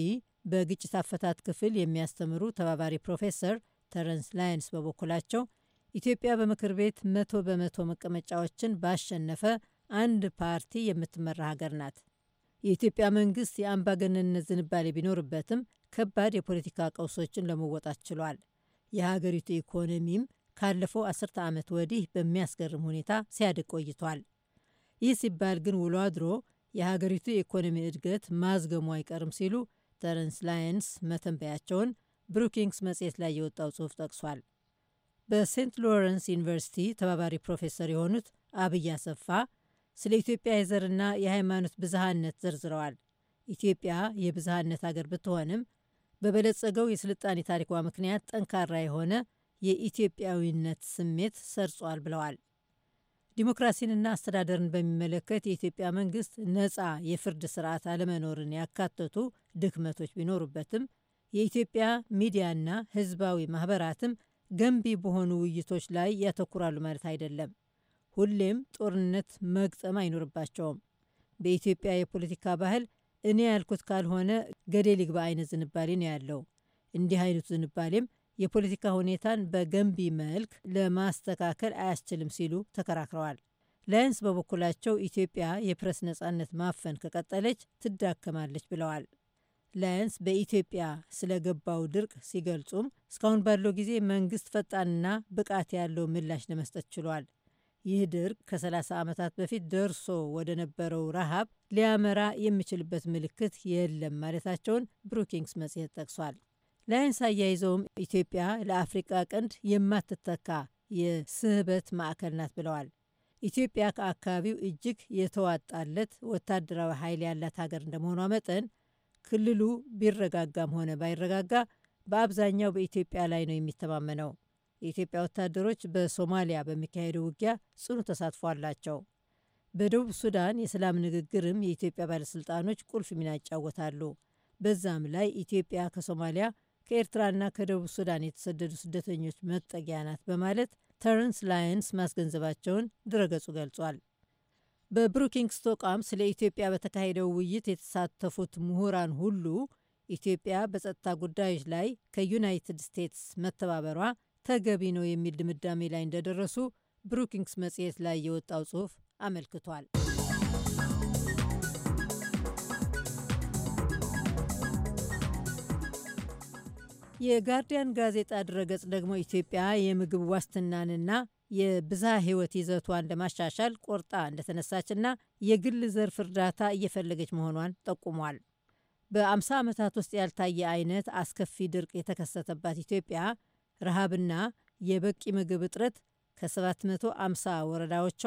በግጭት አፈታት ክፍል የሚያስተምሩ ተባባሪ ፕሮፌሰር ተረንስ ላየንስ በበኩላቸው ኢትዮጵያ በምክር ቤት መቶ በመቶ መቀመጫዎችን ባሸነፈ አንድ ፓርቲ የምትመራ ሀገር ናት። የኢትዮጵያ መንግስት የአምባገነንነት ዝንባሌ ቢኖርበትም ከባድ የፖለቲካ ቀውሶችን ለመወጣት ችሏል። የሀገሪቱ ኢኮኖሚም ካለፈው አስርተ ዓመት ወዲህ በሚያስገርም ሁኔታ ሲያድግ ቆይቷል። ይህ ሲባል ግን ውሎ አድሮ የሀገሪቱ የኢኮኖሚ እድገት ማዝገሙ አይቀርም ሲሉ ተረንስ ላየንስ መተንበያቸውን ብሩኪንግስ መጽሔት ላይ የወጣው ጽሑፍ ጠቅሷል። በሴንት ሎረንስ ዩኒቨርሲቲ ተባባሪ ፕሮፌሰር የሆኑት አብይ አሰፋ ስለ ኢትዮጵያ የዘርና የሃይማኖት ብዝሃነት ዘርዝረዋል። ኢትዮጵያ የብዝሃነት አገር ብትሆንም በበለጸገው የስልጣኔ ታሪኳ ምክንያት ጠንካራ የሆነ የኢትዮጵያዊነት ስሜት ሰርጿል ብለዋል። ዲሞክራሲንና አስተዳደርን በሚመለከት የኢትዮጵያ መንግስት ነፃ የፍርድ ስርዓት አለመኖርን ያካተቱ ድክመቶች ቢኖሩበትም የኢትዮጵያ ሚዲያና ህዝባዊ ማህበራትም ገንቢ በሆኑ ውይይቶች ላይ ያተኩራሉ ማለት አይደለም። ሁሌም ጦርነት መግጠም አይኖርባቸውም። በኢትዮጵያ የፖለቲካ ባህል እኔ ያልኩት ካልሆነ ገደል ይግባ አይነት ዝንባሌ ነው ያለው። እንዲህ አይነቱ ዝንባሌም የፖለቲካ ሁኔታን በገንቢ መልክ ለማስተካከል አያስችልም ሲሉ ተከራክረዋል። ላየንስ በበኩላቸው ኢትዮጵያ የፕረስ ነጻነት ማፈን ከቀጠለች ትዳከማለች ብለዋል። ላየንስ በኢትዮጵያ ስለገባው ድርቅ ሲገልጹም እስካሁን ባለው ጊዜ መንግስት ፈጣንና ብቃት ያለው ምላሽ ለመስጠት ችሏል። ይህ ድርቅ ከ30 ዓመታት በፊት ደርሶ ወደ ነበረው ረሃብ ሊያመራ የሚችልበት ምልክት የለም ማለታቸውን ብሩኪንግስ መጽሔት ጠቅሷል። ላየንስ አያይዘውም ኢትዮጵያ ለአፍሪቃ ቀንድ የማትተካ የስህበት ማዕከል ናት ብለዋል። ኢትዮጵያ ከአካባቢው እጅግ የተዋጣለት ወታደራዊ ኃይል ያላት ሀገር እንደመሆኗ መጠን ክልሉ ቢረጋጋም ሆነ ባይረጋጋ በአብዛኛው በኢትዮጵያ ላይ ነው የሚተማመነው። የኢትዮጵያ ወታደሮች በሶማሊያ በሚካሄደው ውጊያ ጽኑ ተሳትፎ አላቸው። በደቡብ ሱዳን የሰላም ንግግርም የኢትዮጵያ ባለሥልጣኖች ቁልፍ ሚና ይጫወታሉ። በዛም ላይ ኢትዮጵያ ከሶማሊያ ከኤርትራና ከደቡብ ሱዳን የተሰደዱ ስደተኞች መጠጊያ ናት በማለት ተረንስ ላየንስ ማስገንዘባቸውን ድረገጹ ገልጿል። በብሩኪንግ ስቶክሆልም ስለ ኢትዮጵያ በተካሄደው ውይይት የተሳተፉት ምሁራን ሁሉ ኢትዮጵያ በጸጥታ ጉዳዮች ላይ ከዩናይትድ ስቴትስ መተባበሯ ተገቢ ነው የሚል ድምዳሜ ላይ እንደደረሱ ብሩኪንግስ መጽሔት ላይ የወጣው ጽሑፍ አመልክቷል። የጋርዲያን ጋዜጣ ድረገጽ ደግሞ ኢትዮጵያ የምግብ ዋስትናንና የብዝሃ ህይወት ይዘቷን ለማሻሻል ቆርጣ እንደተነሳችና የግል ዘርፍ እርዳታ እየፈለገች መሆኗን ጠቁሟል። በአምሳ ዓመታት ውስጥ ያልታየ አይነት አስከፊ ድርቅ የተከሰተባት ኢትዮጵያ ረሃብና የበቂ ምግብ እጥረት ከ750 ወረዳዎቿ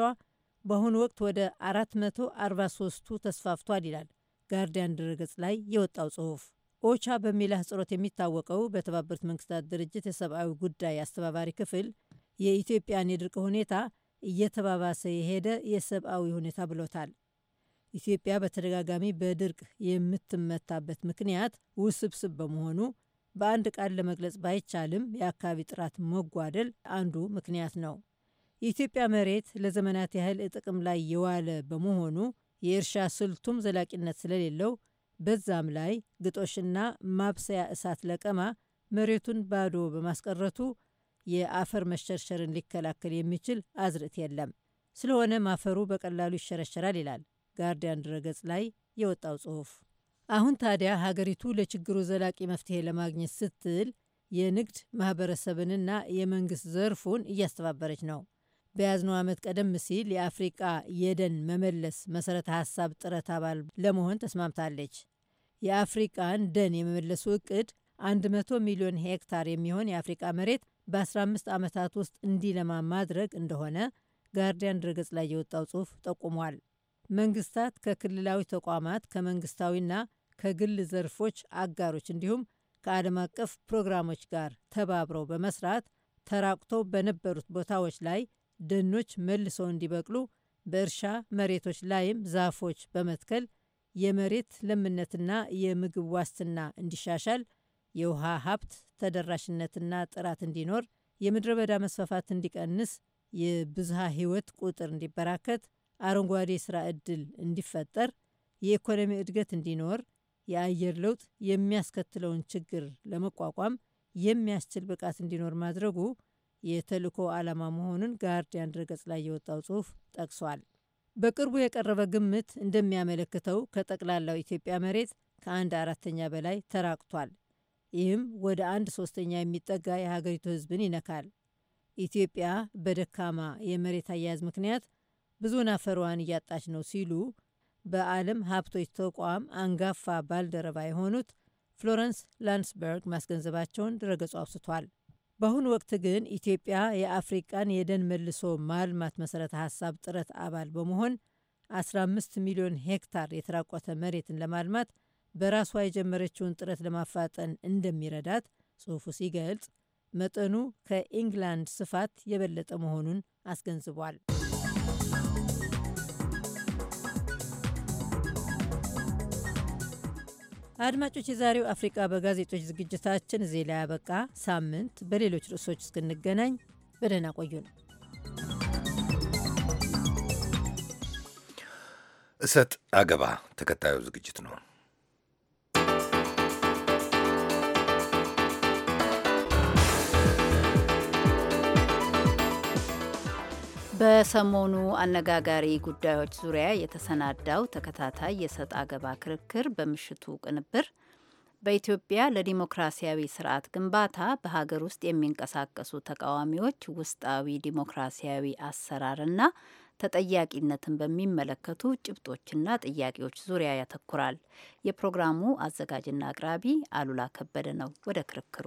በአሁኑ ወቅት ወደ 443ቱ ተስፋፍቷል ይላል ጋርዲያን ድረገጽ ላይ የወጣው ጽሑፍ። ኦቻ በሚል አህጽሮት የሚታወቀው በተባበሩት መንግስታት ድርጅት የሰብአዊ ጉዳይ አስተባባሪ ክፍል የኢትዮጵያን የድርቅ ሁኔታ እየተባባሰ የሄደ የሰብአዊ ሁኔታ ብሎታል። ኢትዮጵያ በተደጋጋሚ በድርቅ የምትመታበት ምክንያት ውስብስብ በመሆኑ በአንድ ቃል ለመግለጽ ባይቻልም የአካባቢ ጥራት መጓደል አንዱ ምክንያት ነው። የኢትዮጵያ መሬት ለዘመናት ያህል ጥቅም ላይ የዋለ በመሆኑ የእርሻ ስልቱም ዘላቂነት ስለሌለው በዛም ላይ ግጦሽና ማብሰያ እሳት ለቀማ መሬቱን ባዶ በማስቀረቱ የአፈር መሸርሸርን ሊከላከል የሚችል አዝርዕት የለም። ስለሆነም አፈሩ በቀላሉ ይሸረሸራል ይላል ጋርዲያን ድረገጽ ላይ የወጣው ጽሑፍ። አሁን ታዲያ ሀገሪቱ ለችግሩ ዘላቂ መፍትሄ ለማግኘት ስትል የንግድ ማህበረሰብንና የመንግስት ዘርፉን እያስተባበረች ነው። በያዝነው ዓመት ቀደም ሲል የአፍሪቃ የደን መመለስ መሰረተ ሀሳብ ጥረት አባል ለመሆን ተስማምታለች። የአፍሪቃን ደን የመመለሱ እቅድ 100 ሚሊዮን ሄክታር የሚሆን የአፍሪቃ መሬት በ15 ዓመታት ውስጥ እንዲለማ ማድረግ እንደሆነ ጋርዲያን ድረገጽ ላይ የወጣው ጽሑፍ ጠቁሟል። መንግስታት ከክልላዊ ተቋማት ከመንግስታዊና ከግል ዘርፎች አጋሮች እንዲሁም ከዓለም አቀፍ ፕሮግራሞች ጋር ተባብረው በመስራት ተራቁተው በነበሩት ቦታዎች ላይ ደኖች መልሰው እንዲበቅሉ በእርሻ መሬቶች ላይም ዛፎች በመትከል የመሬት ለምነትና የምግብ ዋስትና እንዲሻሻል የውሃ ሀብት ተደራሽነትና ጥራት እንዲኖር፣ የምድረ በዳ መስፋፋት እንዲቀንስ፣ የብዝሃ ህይወት ቁጥር እንዲበራከት፣ አረንጓዴ ስራ ዕድል እንዲፈጠር፣ የኢኮኖሚ እድገት እንዲኖር፣ የአየር ለውጥ የሚያስከትለውን ችግር ለመቋቋም የሚያስችል ብቃት እንዲኖር ማድረጉ የተልእኮ ዓላማ መሆኑን ጋርዲያን ድረገጽ ላይ የወጣው ጽሑፍ ጠቅሷል። በቅርቡ የቀረበ ግምት እንደሚያመለክተው ከጠቅላላው ኢትዮጵያ መሬት ከአንድ አራተኛ በላይ ተራቅቷል። ይህም ወደ አንድ ሶስተኛ የሚጠጋ የሀገሪቱ ህዝብን ይነካል። ኢትዮጵያ በደካማ የመሬት አያያዝ ምክንያት ብዙ አፈሯን እያጣች ነው ሲሉ በዓለም ሀብቶች ተቋም አንጋፋ ባልደረባ የሆኑት ፍሎረንስ ላንስበርግ ማስገንዘባቸውን ድረገጹ አውስቷል። በአሁኑ ወቅት ግን ኢትዮጵያ የአፍሪቃን የደን መልሶ ማልማት መሰረተ ሀሳብ ጥረት አባል በመሆን 15 ሚሊዮን ሄክታር የተራቆተ መሬትን ለማልማት በራሷ የጀመረችውን ጥረት ለማፋጠን እንደሚረዳት ጽሑፉ ሲገልጽ መጠኑ ከኢንግላንድ ስፋት የበለጠ መሆኑን አስገንዝቧል። አድማጮች፣ የዛሬው አፍሪቃ በጋዜጦች ዝግጅታችን እዚህ ላይ ያበቃ። ሳምንት በሌሎች ርዕሶች እስክንገናኝ በደህና ቆዩ ነው። እሰጥ አገባ ተከታዩ ዝግጅት ነው። በሰሞኑ አነጋጋሪ ጉዳዮች ዙሪያ የተሰናዳው ተከታታይ የሰጥ አገባ ክርክር በምሽቱ ቅንብር በኢትዮጵያ ለዲሞክራሲያዊ ስርዓት ግንባታ በሀገር ውስጥ የሚንቀሳቀሱ ተቃዋሚዎች ውስጣዊ ዲሞክራሲያዊ አሰራርና ተጠያቂነትን በሚመለከቱ ጭብጦችና ጥያቄዎች ዙሪያ ያተኩራል። የፕሮግራሙ አዘጋጅና አቅራቢ አሉላ ከበደ ነው። ወደ ክርክሩ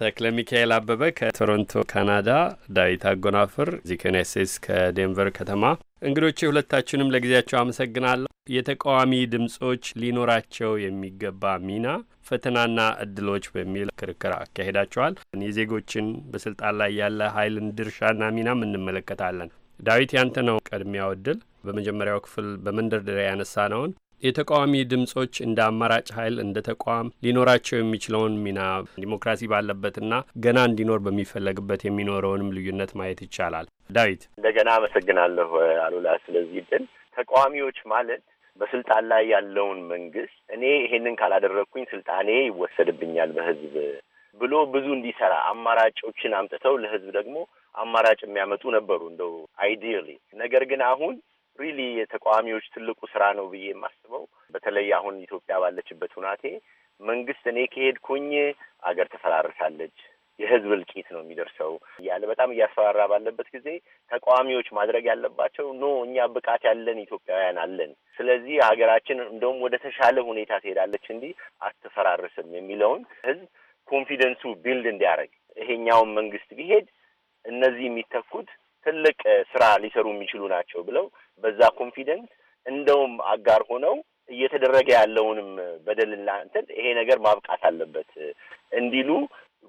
ተክለ ሚካኤል አበበ ከቶሮንቶ ካናዳ፣ ዳዊት አጎናፍር እዚህ ከዩናይት ስቴትስ ከዴንቨር ከተማ እንግዶቼ፣ ሁለታችሁንም ለጊዜያቸው አመሰግናለሁ። የተቃዋሚ ድምጾች ሊኖራቸው የሚገባ ሚና ፈተናና እድሎች በሚል ክርክር አካሄዳቸዋል። የዜጎችን በስልጣን ላይ ያለ ኃይልን ድርሻና ሚናም እንመለከታለን። ዳዊት ያንተ ነው ቀድሚያው እድል። በመጀመሪያው ክፍል በመንደርደሪያ ያነሳ ነውን የተቃዋሚ ድምጾች እንደ አማራጭ ኃይል እንደ ተቋም ሊኖራቸው የሚችለውን ሚና ዲሞክራሲ ባለበትና ገና እንዲኖር በሚፈለግበት የሚኖረውንም ልዩነት ማየት ይቻላል። ዳዊት፣ እንደገና አመሰግናለሁ አሉላ ስለዚህ ድል። ተቃዋሚዎች ማለት በስልጣን ላይ ያለውን መንግስት እኔ ይሄንን ካላደረግኩኝ ስልጣኔ ይወሰድብኛል በህዝብ ብሎ ብዙ እንዲሰራ አማራጮችን አምጥተው ለህዝብ ደግሞ አማራጭ የሚያመጡ ነበሩ እንደው አይዲያሊ። ነገር ግን አሁን ሪሊ የተቃዋሚዎች ትልቁ ስራ ነው ብዬ የማስበው በተለይ አሁን ኢትዮጵያ ባለችበት ሁናቴ መንግስት እኔ ከሄድኩኝ አገር ተፈራርሳለች፣ የህዝብ እልቂት ነው የሚደርሰው እያለ በጣም እያስፈራራ ባለበት ጊዜ ተቃዋሚዎች ማድረግ ያለባቸው ኖ እኛ ብቃት ያለን ኢትዮጵያውያን አለን፣ ስለዚህ ሀገራችን እንደውም ወደ ተሻለ ሁኔታ ትሄዳለች እንዲ አትፈራርስም የሚለውን ህዝብ ኮንፊደንሱ ቢልድ እንዲያደርግ ይሄኛውን መንግስት ቢሄድ እነዚህ የሚተኩት ትልቅ ስራ ሊሰሩ የሚችሉ ናቸው ብለው በዛ ኮንፊደንት እንደውም አጋር ሆነው እየተደረገ ያለውንም በደልና እንትን ይሄ ነገር ማብቃት አለበት እንዲሉ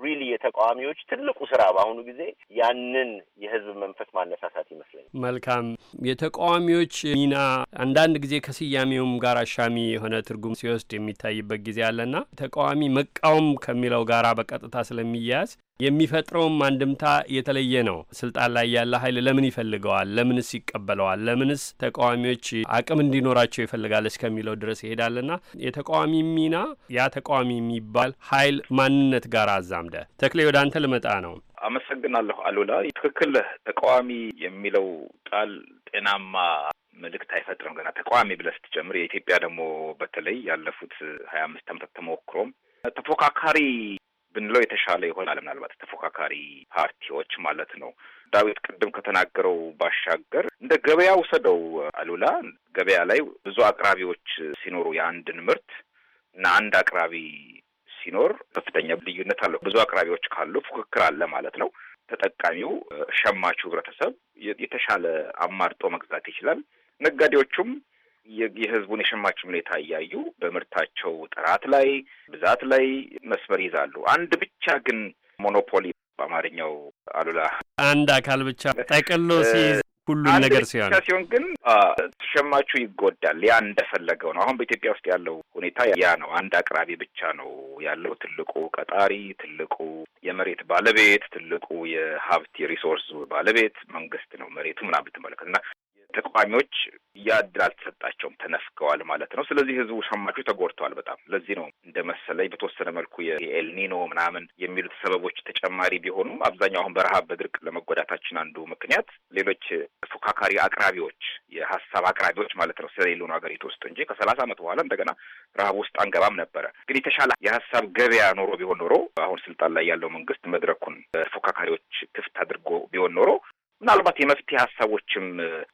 ሪሊ የተቃዋሚዎች ትልቁ ስራ በአሁኑ ጊዜ ያንን የህዝብ መንፈስ ማነሳሳት ይመስለኛል። መልካም የተቃዋሚዎች ሚና አንዳንድ ጊዜ ከስያሜውም ጋር አሻሚ የሆነ ትርጉም ሲወስድ የሚታይበት ጊዜ አለና ተቃዋሚ መቃወም ከሚለው ጋራ በቀጥታ ስለሚያያዝ የሚፈጥረውም አንድምታ የተለየ ነው። ስልጣን ላይ ያለ ኃይል ለምን ይፈልገዋል? ለምንስ ይቀበለዋል? ለምንስ ተቃዋሚዎች አቅም እንዲኖራቸው ይፈልጋል እስከሚለው ድረስ ይሄዳልና የተቃዋሚ ሚና ያ ተቃዋሚ የሚባል ኃይል ማንነት ጋር አዛምደ ተክሌ ወደ አንተ ልመጣ ነው። አመሰግናለሁ አሉላ። ትክክል ተቃዋሚ የሚለው ቃል ጤናማ ምልክት አይፈጥርም። ገና ተቃዋሚ ብለህ ስትጀምር የኢትዮጵያ ደግሞ በተለይ ያለፉት ሀያ አምስት ዓመታት ተሞክሮም ተፎካካሪ ብንለው የተሻለ ይሆናል። ምናልባት ተፎካካሪ ፓርቲዎች ማለት ነው። ዳዊት ቅድም ከተናገረው ባሻገር እንደ ገበያ ውሰደው አሉላ። ገበያ ላይ ብዙ አቅራቢዎች ሲኖሩ የአንድን ምርት እና አንድ አቅራቢ ሲኖር ከፍተኛ ልዩነት አለው። ብዙ አቅራቢዎች ካሉ ፉክክር አለ ማለት ነው። ተጠቃሚው ሸማቹ ህብረተሰብ የተሻለ አማርጦ መግዛት ይችላል። ነጋዴዎቹም የህዝቡን የሸማች ሁኔታ እያዩ በምርታቸው ጥራት ላይ፣ ብዛት ላይ መስመር ይዛሉ። አንድ ብቻ ግን ሞኖፖሊ በአማርኛው አሉላ አንድ አካል ብቻ ጠቅሎ ሲይዝ ሁሉን ነገር ሲሆን ሲሆን ግን ተሸማቹ ይጎዳል። ያ እንደፈለገው ነው። አሁን በኢትዮጵያ ውስጥ ያለው ሁኔታ ያ ነው። አንድ አቅራቢ ብቻ ነው ያለው። ትልቁ ቀጣሪ፣ ትልቁ የመሬት ባለቤት፣ ትልቁ የሀብት የሪሶርስ ባለቤት መንግስት ነው። መሬቱ ምናምን ብትመለከት እና ተቃዋሚዎች ያ እድል አልተሰጣቸውም፣ ተነፍገዋል ማለት ነው። ስለዚህ ህዝቡ ሸማቹ ተጎድተዋል በጣም ለዚህ ነው እንደ መሰለኝ በተወሰነ መልኩ የኤልኒኖ ምናምን የሚሉት ሰበቦች ተጨማሪ ቢሆኑም አብዛኛው አሁን በረሃብ በድርቅ ለመጎዳታችን አንዱ ምክንያት ሌሎች ፎካካሪ አቅራቢዎች የሀሳብ አቅራቢዎች ማለት ነው ስለሌሉ ነው ሀገሪቱ ውስጥ እንጂ ከሰላሳ ዓመት በኋላ እንደገና ረሃብ ውስጥ አንገባም ነበረ። ግን የተሻለ የሀሳብ ገበያ ኖሮ ቢሆን ኖሮ አሁን ስልጣን ላይ ያለው መንግስት መድረኩን ፎካካሪዎች ክፍት አድርጎ ቢሆን ኖሮ ምናልባት የመፍትሄ ሀሳቦችም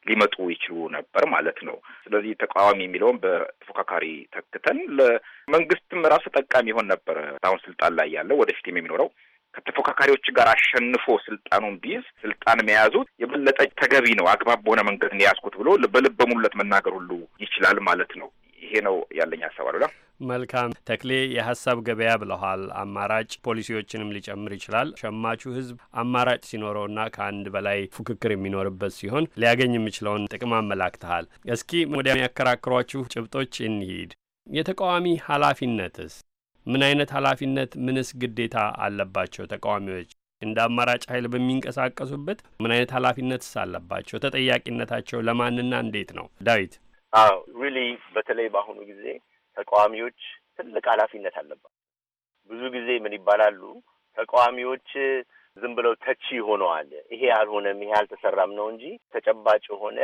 ሊመጡ ይችሉ ነበር ማለት ነው። ስለዚህ ተቃዋሚ የሚለውን በተፎካካሪ ተክተን ለመንግስትም ራሱ ጠቃሚ ይሆን ነበር። አሁን ስልጣን ላይ ያለው ወደፊት የሚኖረው ከተፎካካሪዎች ጋር አሸንፎ ስልጣኑን ቢይዝ ስልጣን መያዙ የበለጠ ተገቢ ነው፣ አግባብ በሆነ መንገድ ነው ብሎ በልበ ሙሉነት መናገር ሁሉ ይችላል ማለት ነው። ይሄ ነው ያለኝ ሀሳብ አሉላ። መልካም ተክሌ፣ የሀሳብ ገበያ ብለዋል። አማራጭ ፖሊሲዎችንም ሊጨምር ይችላል። ሸማቹ ህዝብ አማራጭ ሲኖረውና ከአንድ በላይ ፉክክር የሚኖርበት ሲሆን ሊያገኝ የሚችለውን ጥቅም አመላክተሃል። እስኪ ወዲያ የሚያከራክሯችሁ ጭብጦች እንሂድ። የተቃዋሚ ኃላፊነትስ ምን አይነት ኃላፊነት ምንስ ግዴታ አለባቸው? ተቃዋሚዎች እንደ አማራጭ ኃይል በሚንቀሳቀሱበት ምን አይነት ኃላፊነትስ አለባቸው? ተጠያቂነታቸው ለማንና እንዴት ነው? ዳዊት አዎ ሪሊ በተለይ በአሁኑ ጊዜ ተቃዋሚዎች ትልቅ ኃላፊነት አለባቸው። ብዙ ጊዜ ምን ይባላሉ ተቃዋሚዎች ዝም ብለው ተቺ ሆነዋል። ይሄ አልሆነም፣ ይሄ አልተሰራም ነው እንጂ ተጨባጭ የሆነ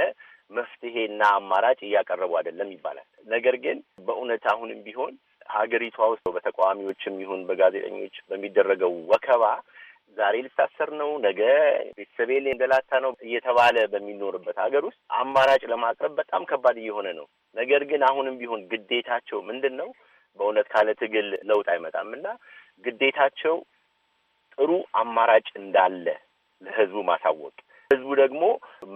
መፍትሄና አማራጭ እያቀረቡ አይደለም ይባላል። ነገር ግን በእውነት አሁንም ቢሆን ሀገሪቷ ውስጥ በተቃዋሚዎችም ይሁን በጋዜጠኞች በሚደረገው ወከባ ዛሬ ልታሰር ነው፣ ነገ ቤተሰቤ እንደላታ ነው እየተባለ በሚኖርበት ሀገር ውስጥ አማራጭ ለማቅረብ በጣም ከባድ እየሆነ ነው። ነገር ግን አሁንም ቢሆን ግዴታቸው ምንድን ነው? በእውነት ካለ ትግል ለውጥ አይመጣም እና ግዴታቸው ጥሩ አማራጭ እንዳለ ለህዝቡ ማሳወቅ፣ ህዝቡ ደግሞ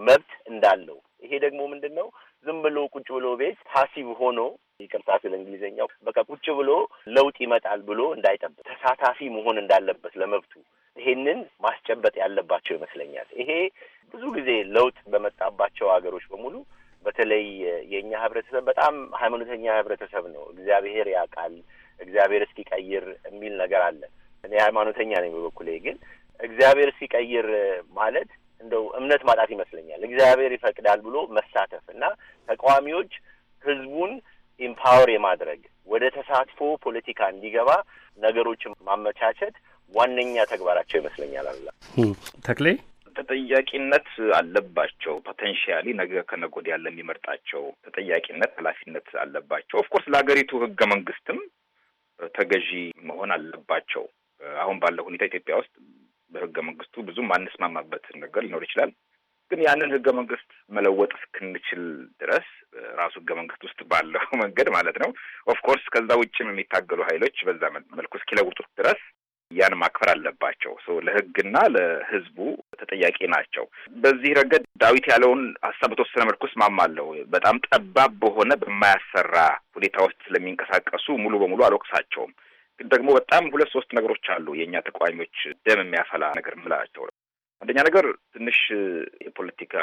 መብት እንዳለው ይሄ ደግሞ ምንድን ነው ዝም ብሎ ቁጭ ብሎ ቤት ፓሲቭ ሆኖ ይቅርታ ስለ እንግሊዝኛው በቃ ቁጭ ብሎ ለውጥ ይመጣል ብሎ እንዳይጠብቅ ተሳታፊ መሆን እንዳለበት ለመብቱ ይሄንን ማስጨበጥ ያለባቸው ይመስለኛል። ይሄ ብዙ ጊዜ ለውጥ በመጣባቸው ሀገሮች በሙሉ በተለይ የእኛ ህብረተሰብ በጣም ሃይማኖተኛ ህብረተሰብ ነው። እግዚአብሔር ያውቃል፣ እግዚአብሔር እስኪቀይር የሚል ነገር አለ። እኔ ሃይማኖተኛ ነኝ በበኩሌ ግን እግዚአብሔር እስኪቀይር ማለት እንደው እምነት ማጣት ይመስለኛል። እግዚአብሔር ይፈቅዳል ብሎ መሳተፍ እና ተቃዋሚዎች ህዝቡን ኢምፓወር የማድረግ ወደ ተሳትፎ ፖለቲካ እንዲገባ ነገሮችን ማመቻቸት ዋነኛ ተግባራቸው ይመስለኛል። አላ ተክሌ ተጠያቂነት አለባቸው። ፖቴንሽያሊ ነገ ከነገ ወዲያ ለሚመርጣቸው ተጠያቂነት ኃላፊነት አለባቸው። ኦፍኮርስ ለሀገሪቱ ህገ መንግስትም ተገዢ መሆን አለባቸው። አሁን ባለው ሁኔታ ኢትዮጵያ ውስጥ በህገ መንግስቱ ብዙ ማንስማማበት ነገር ሊኖር ይችላል። ግን ያንን ህገ መንግስት መለወጥ እስክንችል ድረስ ራሱ ህገ መንግስት ውስጥ ባለው መንገድ ማለት ነው። ኦፍኮርስ ከዛ ውጭም የሚታገሉ ሀይሎች በዛ መልኩ እስኪለውጡት ድረስ ያን ማክበር አለባቸው። ለህግና ለህዝቡ ተጠያቂ ናቸው። በዚህ ረገድ ዳዊት ያለውን ሀሳብ በተወሰነ መልኩ እስማማለሁ። በጣም ጠባብ በሆነ በማያሰራ ሁኔታ ውስጥ ስለሚንቀሳቀሱ ሙሉ በሙሉ አልወቅሳቸውም። ግን ደግሞ በጣም ሁለት ሶስት ነገሮች አሉ የእኛ ተቃዋሚዎች ደም የሚያፈላ ነገር ምላቸው አንደኛ ነገር ትንሽ የፖለቲካ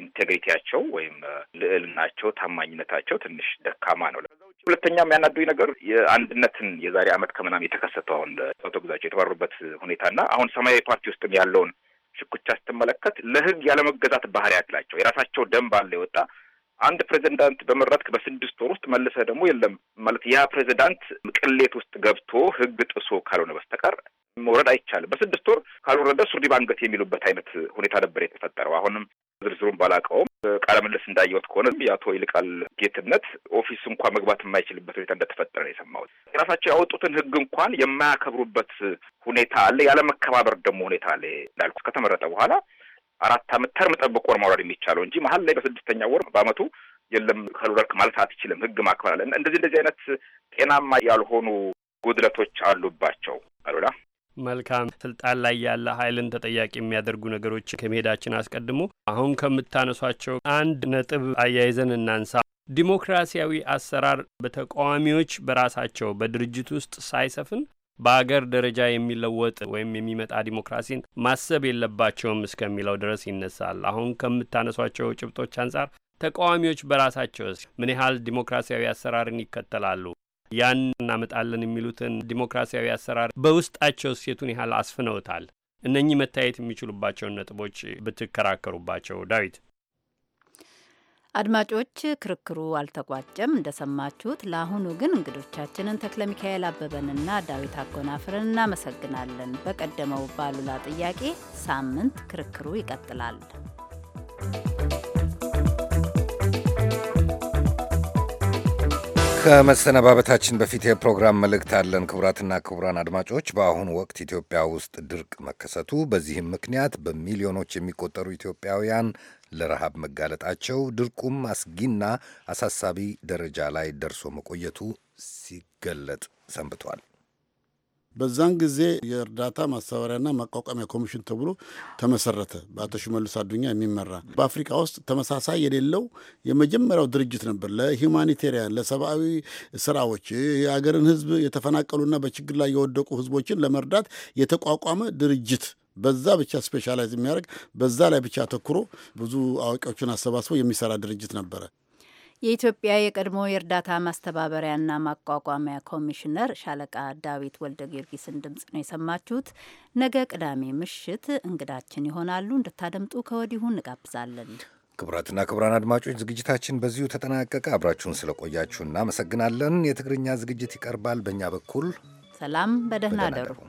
ኢንቴግሪቲያቸው ወይም ልዕልናቸው፣ ታማኝነታቸው ትንሽ ደካማ ነው። ሁለተኛ የሚያናዱኝ ነገር የአንድነትን የዛሬ ዓመት ከምናም የተከሰተው አሁን አቶ ግዛቸው የተባረሩበት ሁኔታና አሁን ሰማያዊ ፓርቲ ውስጥም ያለውን ሽኩቻ ስትመለከት ለሕግ ያለመገዛት ባህሪ ያላቸው የራሳቸው ደንብ አለ የወጣ አንድ ፕሬዚዳንት በመረጥክ በስድስት ወር ውስጥ መልሰህ ደግሞ የለም ማለት ያ ፕሬዚዳንት ቅሌት ውስጥ ገብቶ ሕግ ጥሶ ካልሆነ በስተቀር መውረድ አይቻልም። በስድስት ወር ካልወረደ ሱሪ ባንገት የሚሉበት አይነት ሁኔታ ነበር የተፈጠረው። አሁንም ዝርዝሩን ባላቀውም ቃለ ምልልስ እንዳየሁት ከሆነ የአቶ ይልቃል ጌትነት ኦፊስ እንኳን መግባት የማይችልበት ሁኔታ እንደተፈጠረ ነው የሰማሁት። የራሳቸው ያወጡትን ሕግ እንኳን የማያከብሩበት ሁኔታ አለ። ያለመከባበር ደግሞ ሁኔታ አለ። እንዳልኩት ከተመረጠ በኋላ አራት አመት ተርም ጠብቆ መውረድ የሚቻለው እንጂ መሀል ላይ በስድስተኛ ወር በአመቱ የለም ካልወረድክ ማለት አትችልም። ሕግ ማክበር አለ። እንደዚህ እንደዚህ አይነት ጤናማ ያልሆኑ ጉድለቶች አሉባቸው አሉላ መልካም ስልጣን ላይ ያለ ኃይልን ተጠያቂ የሚያደርጉ ነገሮች ከመሄዳችን አስቀድሞ አሁን ከምታነሷቸው አንድ ነጥብ አያይዘን እናንሳ። ዲሞክራሲያዊ አሰራር በተቃዋሚዎች በራሳቸው በድርጅት ውስጥ ሳይሰፍን በአገር ደረጃ የሚለወጥ ወይም የሚመጣ ዲሞክራሲን ማሰብ የለባቸውም እስከሚለው ድረስ ይነሳል። አሁን ከምታነሷቸው ጭብጦች አንጻር ተቃዋሚዎች በራሳቸው ምን ያህል ዲሞክራሲያዊ አሰራርን ይከተላሉ? ያን እናመጣለን የሚሉትን ዲሞክራሲያዊ አሰራር በውስጣቸው ሴቱን ያህል አስፍነውታል። እነኚህ መታየት የሚችሉባቸውን ነጥቦች ብትከራከሩባቸው። ዳዊት አድማጮች፣ ክርክሩ አልተቋጨም እንደሰማችሁት። ለአሁኑ ግን እንግዶቻችንን ተክለ ሚካኤል አበበንና ዳዊት አጎናፍርን እናመሰግናለን። በቀደመው ባሉላ ጥያቄ ሳምንት ክርክሩ ይቀጥላል። ከመሰነባበታችን በፊት የፕሮግራም መልእክት አለን። ክቡራትና ክቡራን አድማጮች በአሁኑ ወቅት ኢትዮጵያ ውስጥ ድርቅ መከሰቱ፣ በዚህም ምክንያት በሚሊዮኖች የሚቆጠሩ ኢትዮጵያውያን ለረሃብ መጋለጣቸው፣ ድርቁም አስጊና አሳሳቢ ደረጃ ላይ ደርሶ መቆየቱ ሲገለጥ ሰንብቷል። በዛን ጊዜ የእርዳታ ማስተባበሪያና ማቋቋሚያ ኮሚሽን ተብሎ ተመሰረተ። በአቶ ሽመልስ አዱኛ የሚመራ በአፍሪካ ውስጥ ተመሳሳይ የሌለው የመጀመሪያው ድርጅት ነበር። ለሂውማኒቴሪያን ለሰብአዊ ስራዎች የሀገርን ህዝብ የተፈናቀሉና በችግር ላይ የወደቁ ህዝቦችን ለመርዳት የተቋቋመ ድርጅት በዛ ብቻ ስፔሻላይዝ የሚያደርግ በዛ ላይ ብቻ አተኩሮ ብዙ አዋቂዎችን አሰባስቦ የሚሰራ ድርጅት ነበረ። የኢትዮጵያ የቀድሞ የእርዳታ ማስተባበሪያና ማቋቋሚያ ኮሚሽነር ሻለቃ ዳዊት ወልደ ጊዮርጊስን ድምጽ ነው የሰማችሁት። ነገ ቅዳሜ ምሽት እንግዳችን ይሆናሉ። እንድታደምጡ ከወዲሁ እንጋብዛለን። ክቡራትና ክቡራን አድማጮች ዝግጅታችን በዚሁ ተጠናቀቀ። አብራችሁን ስለቆያችሁ እናመሰግናለን። የትግርኛ ዝግጅት ይቀርባል። በእኛ በኩል ሰላም፣ በደህና አደሩ።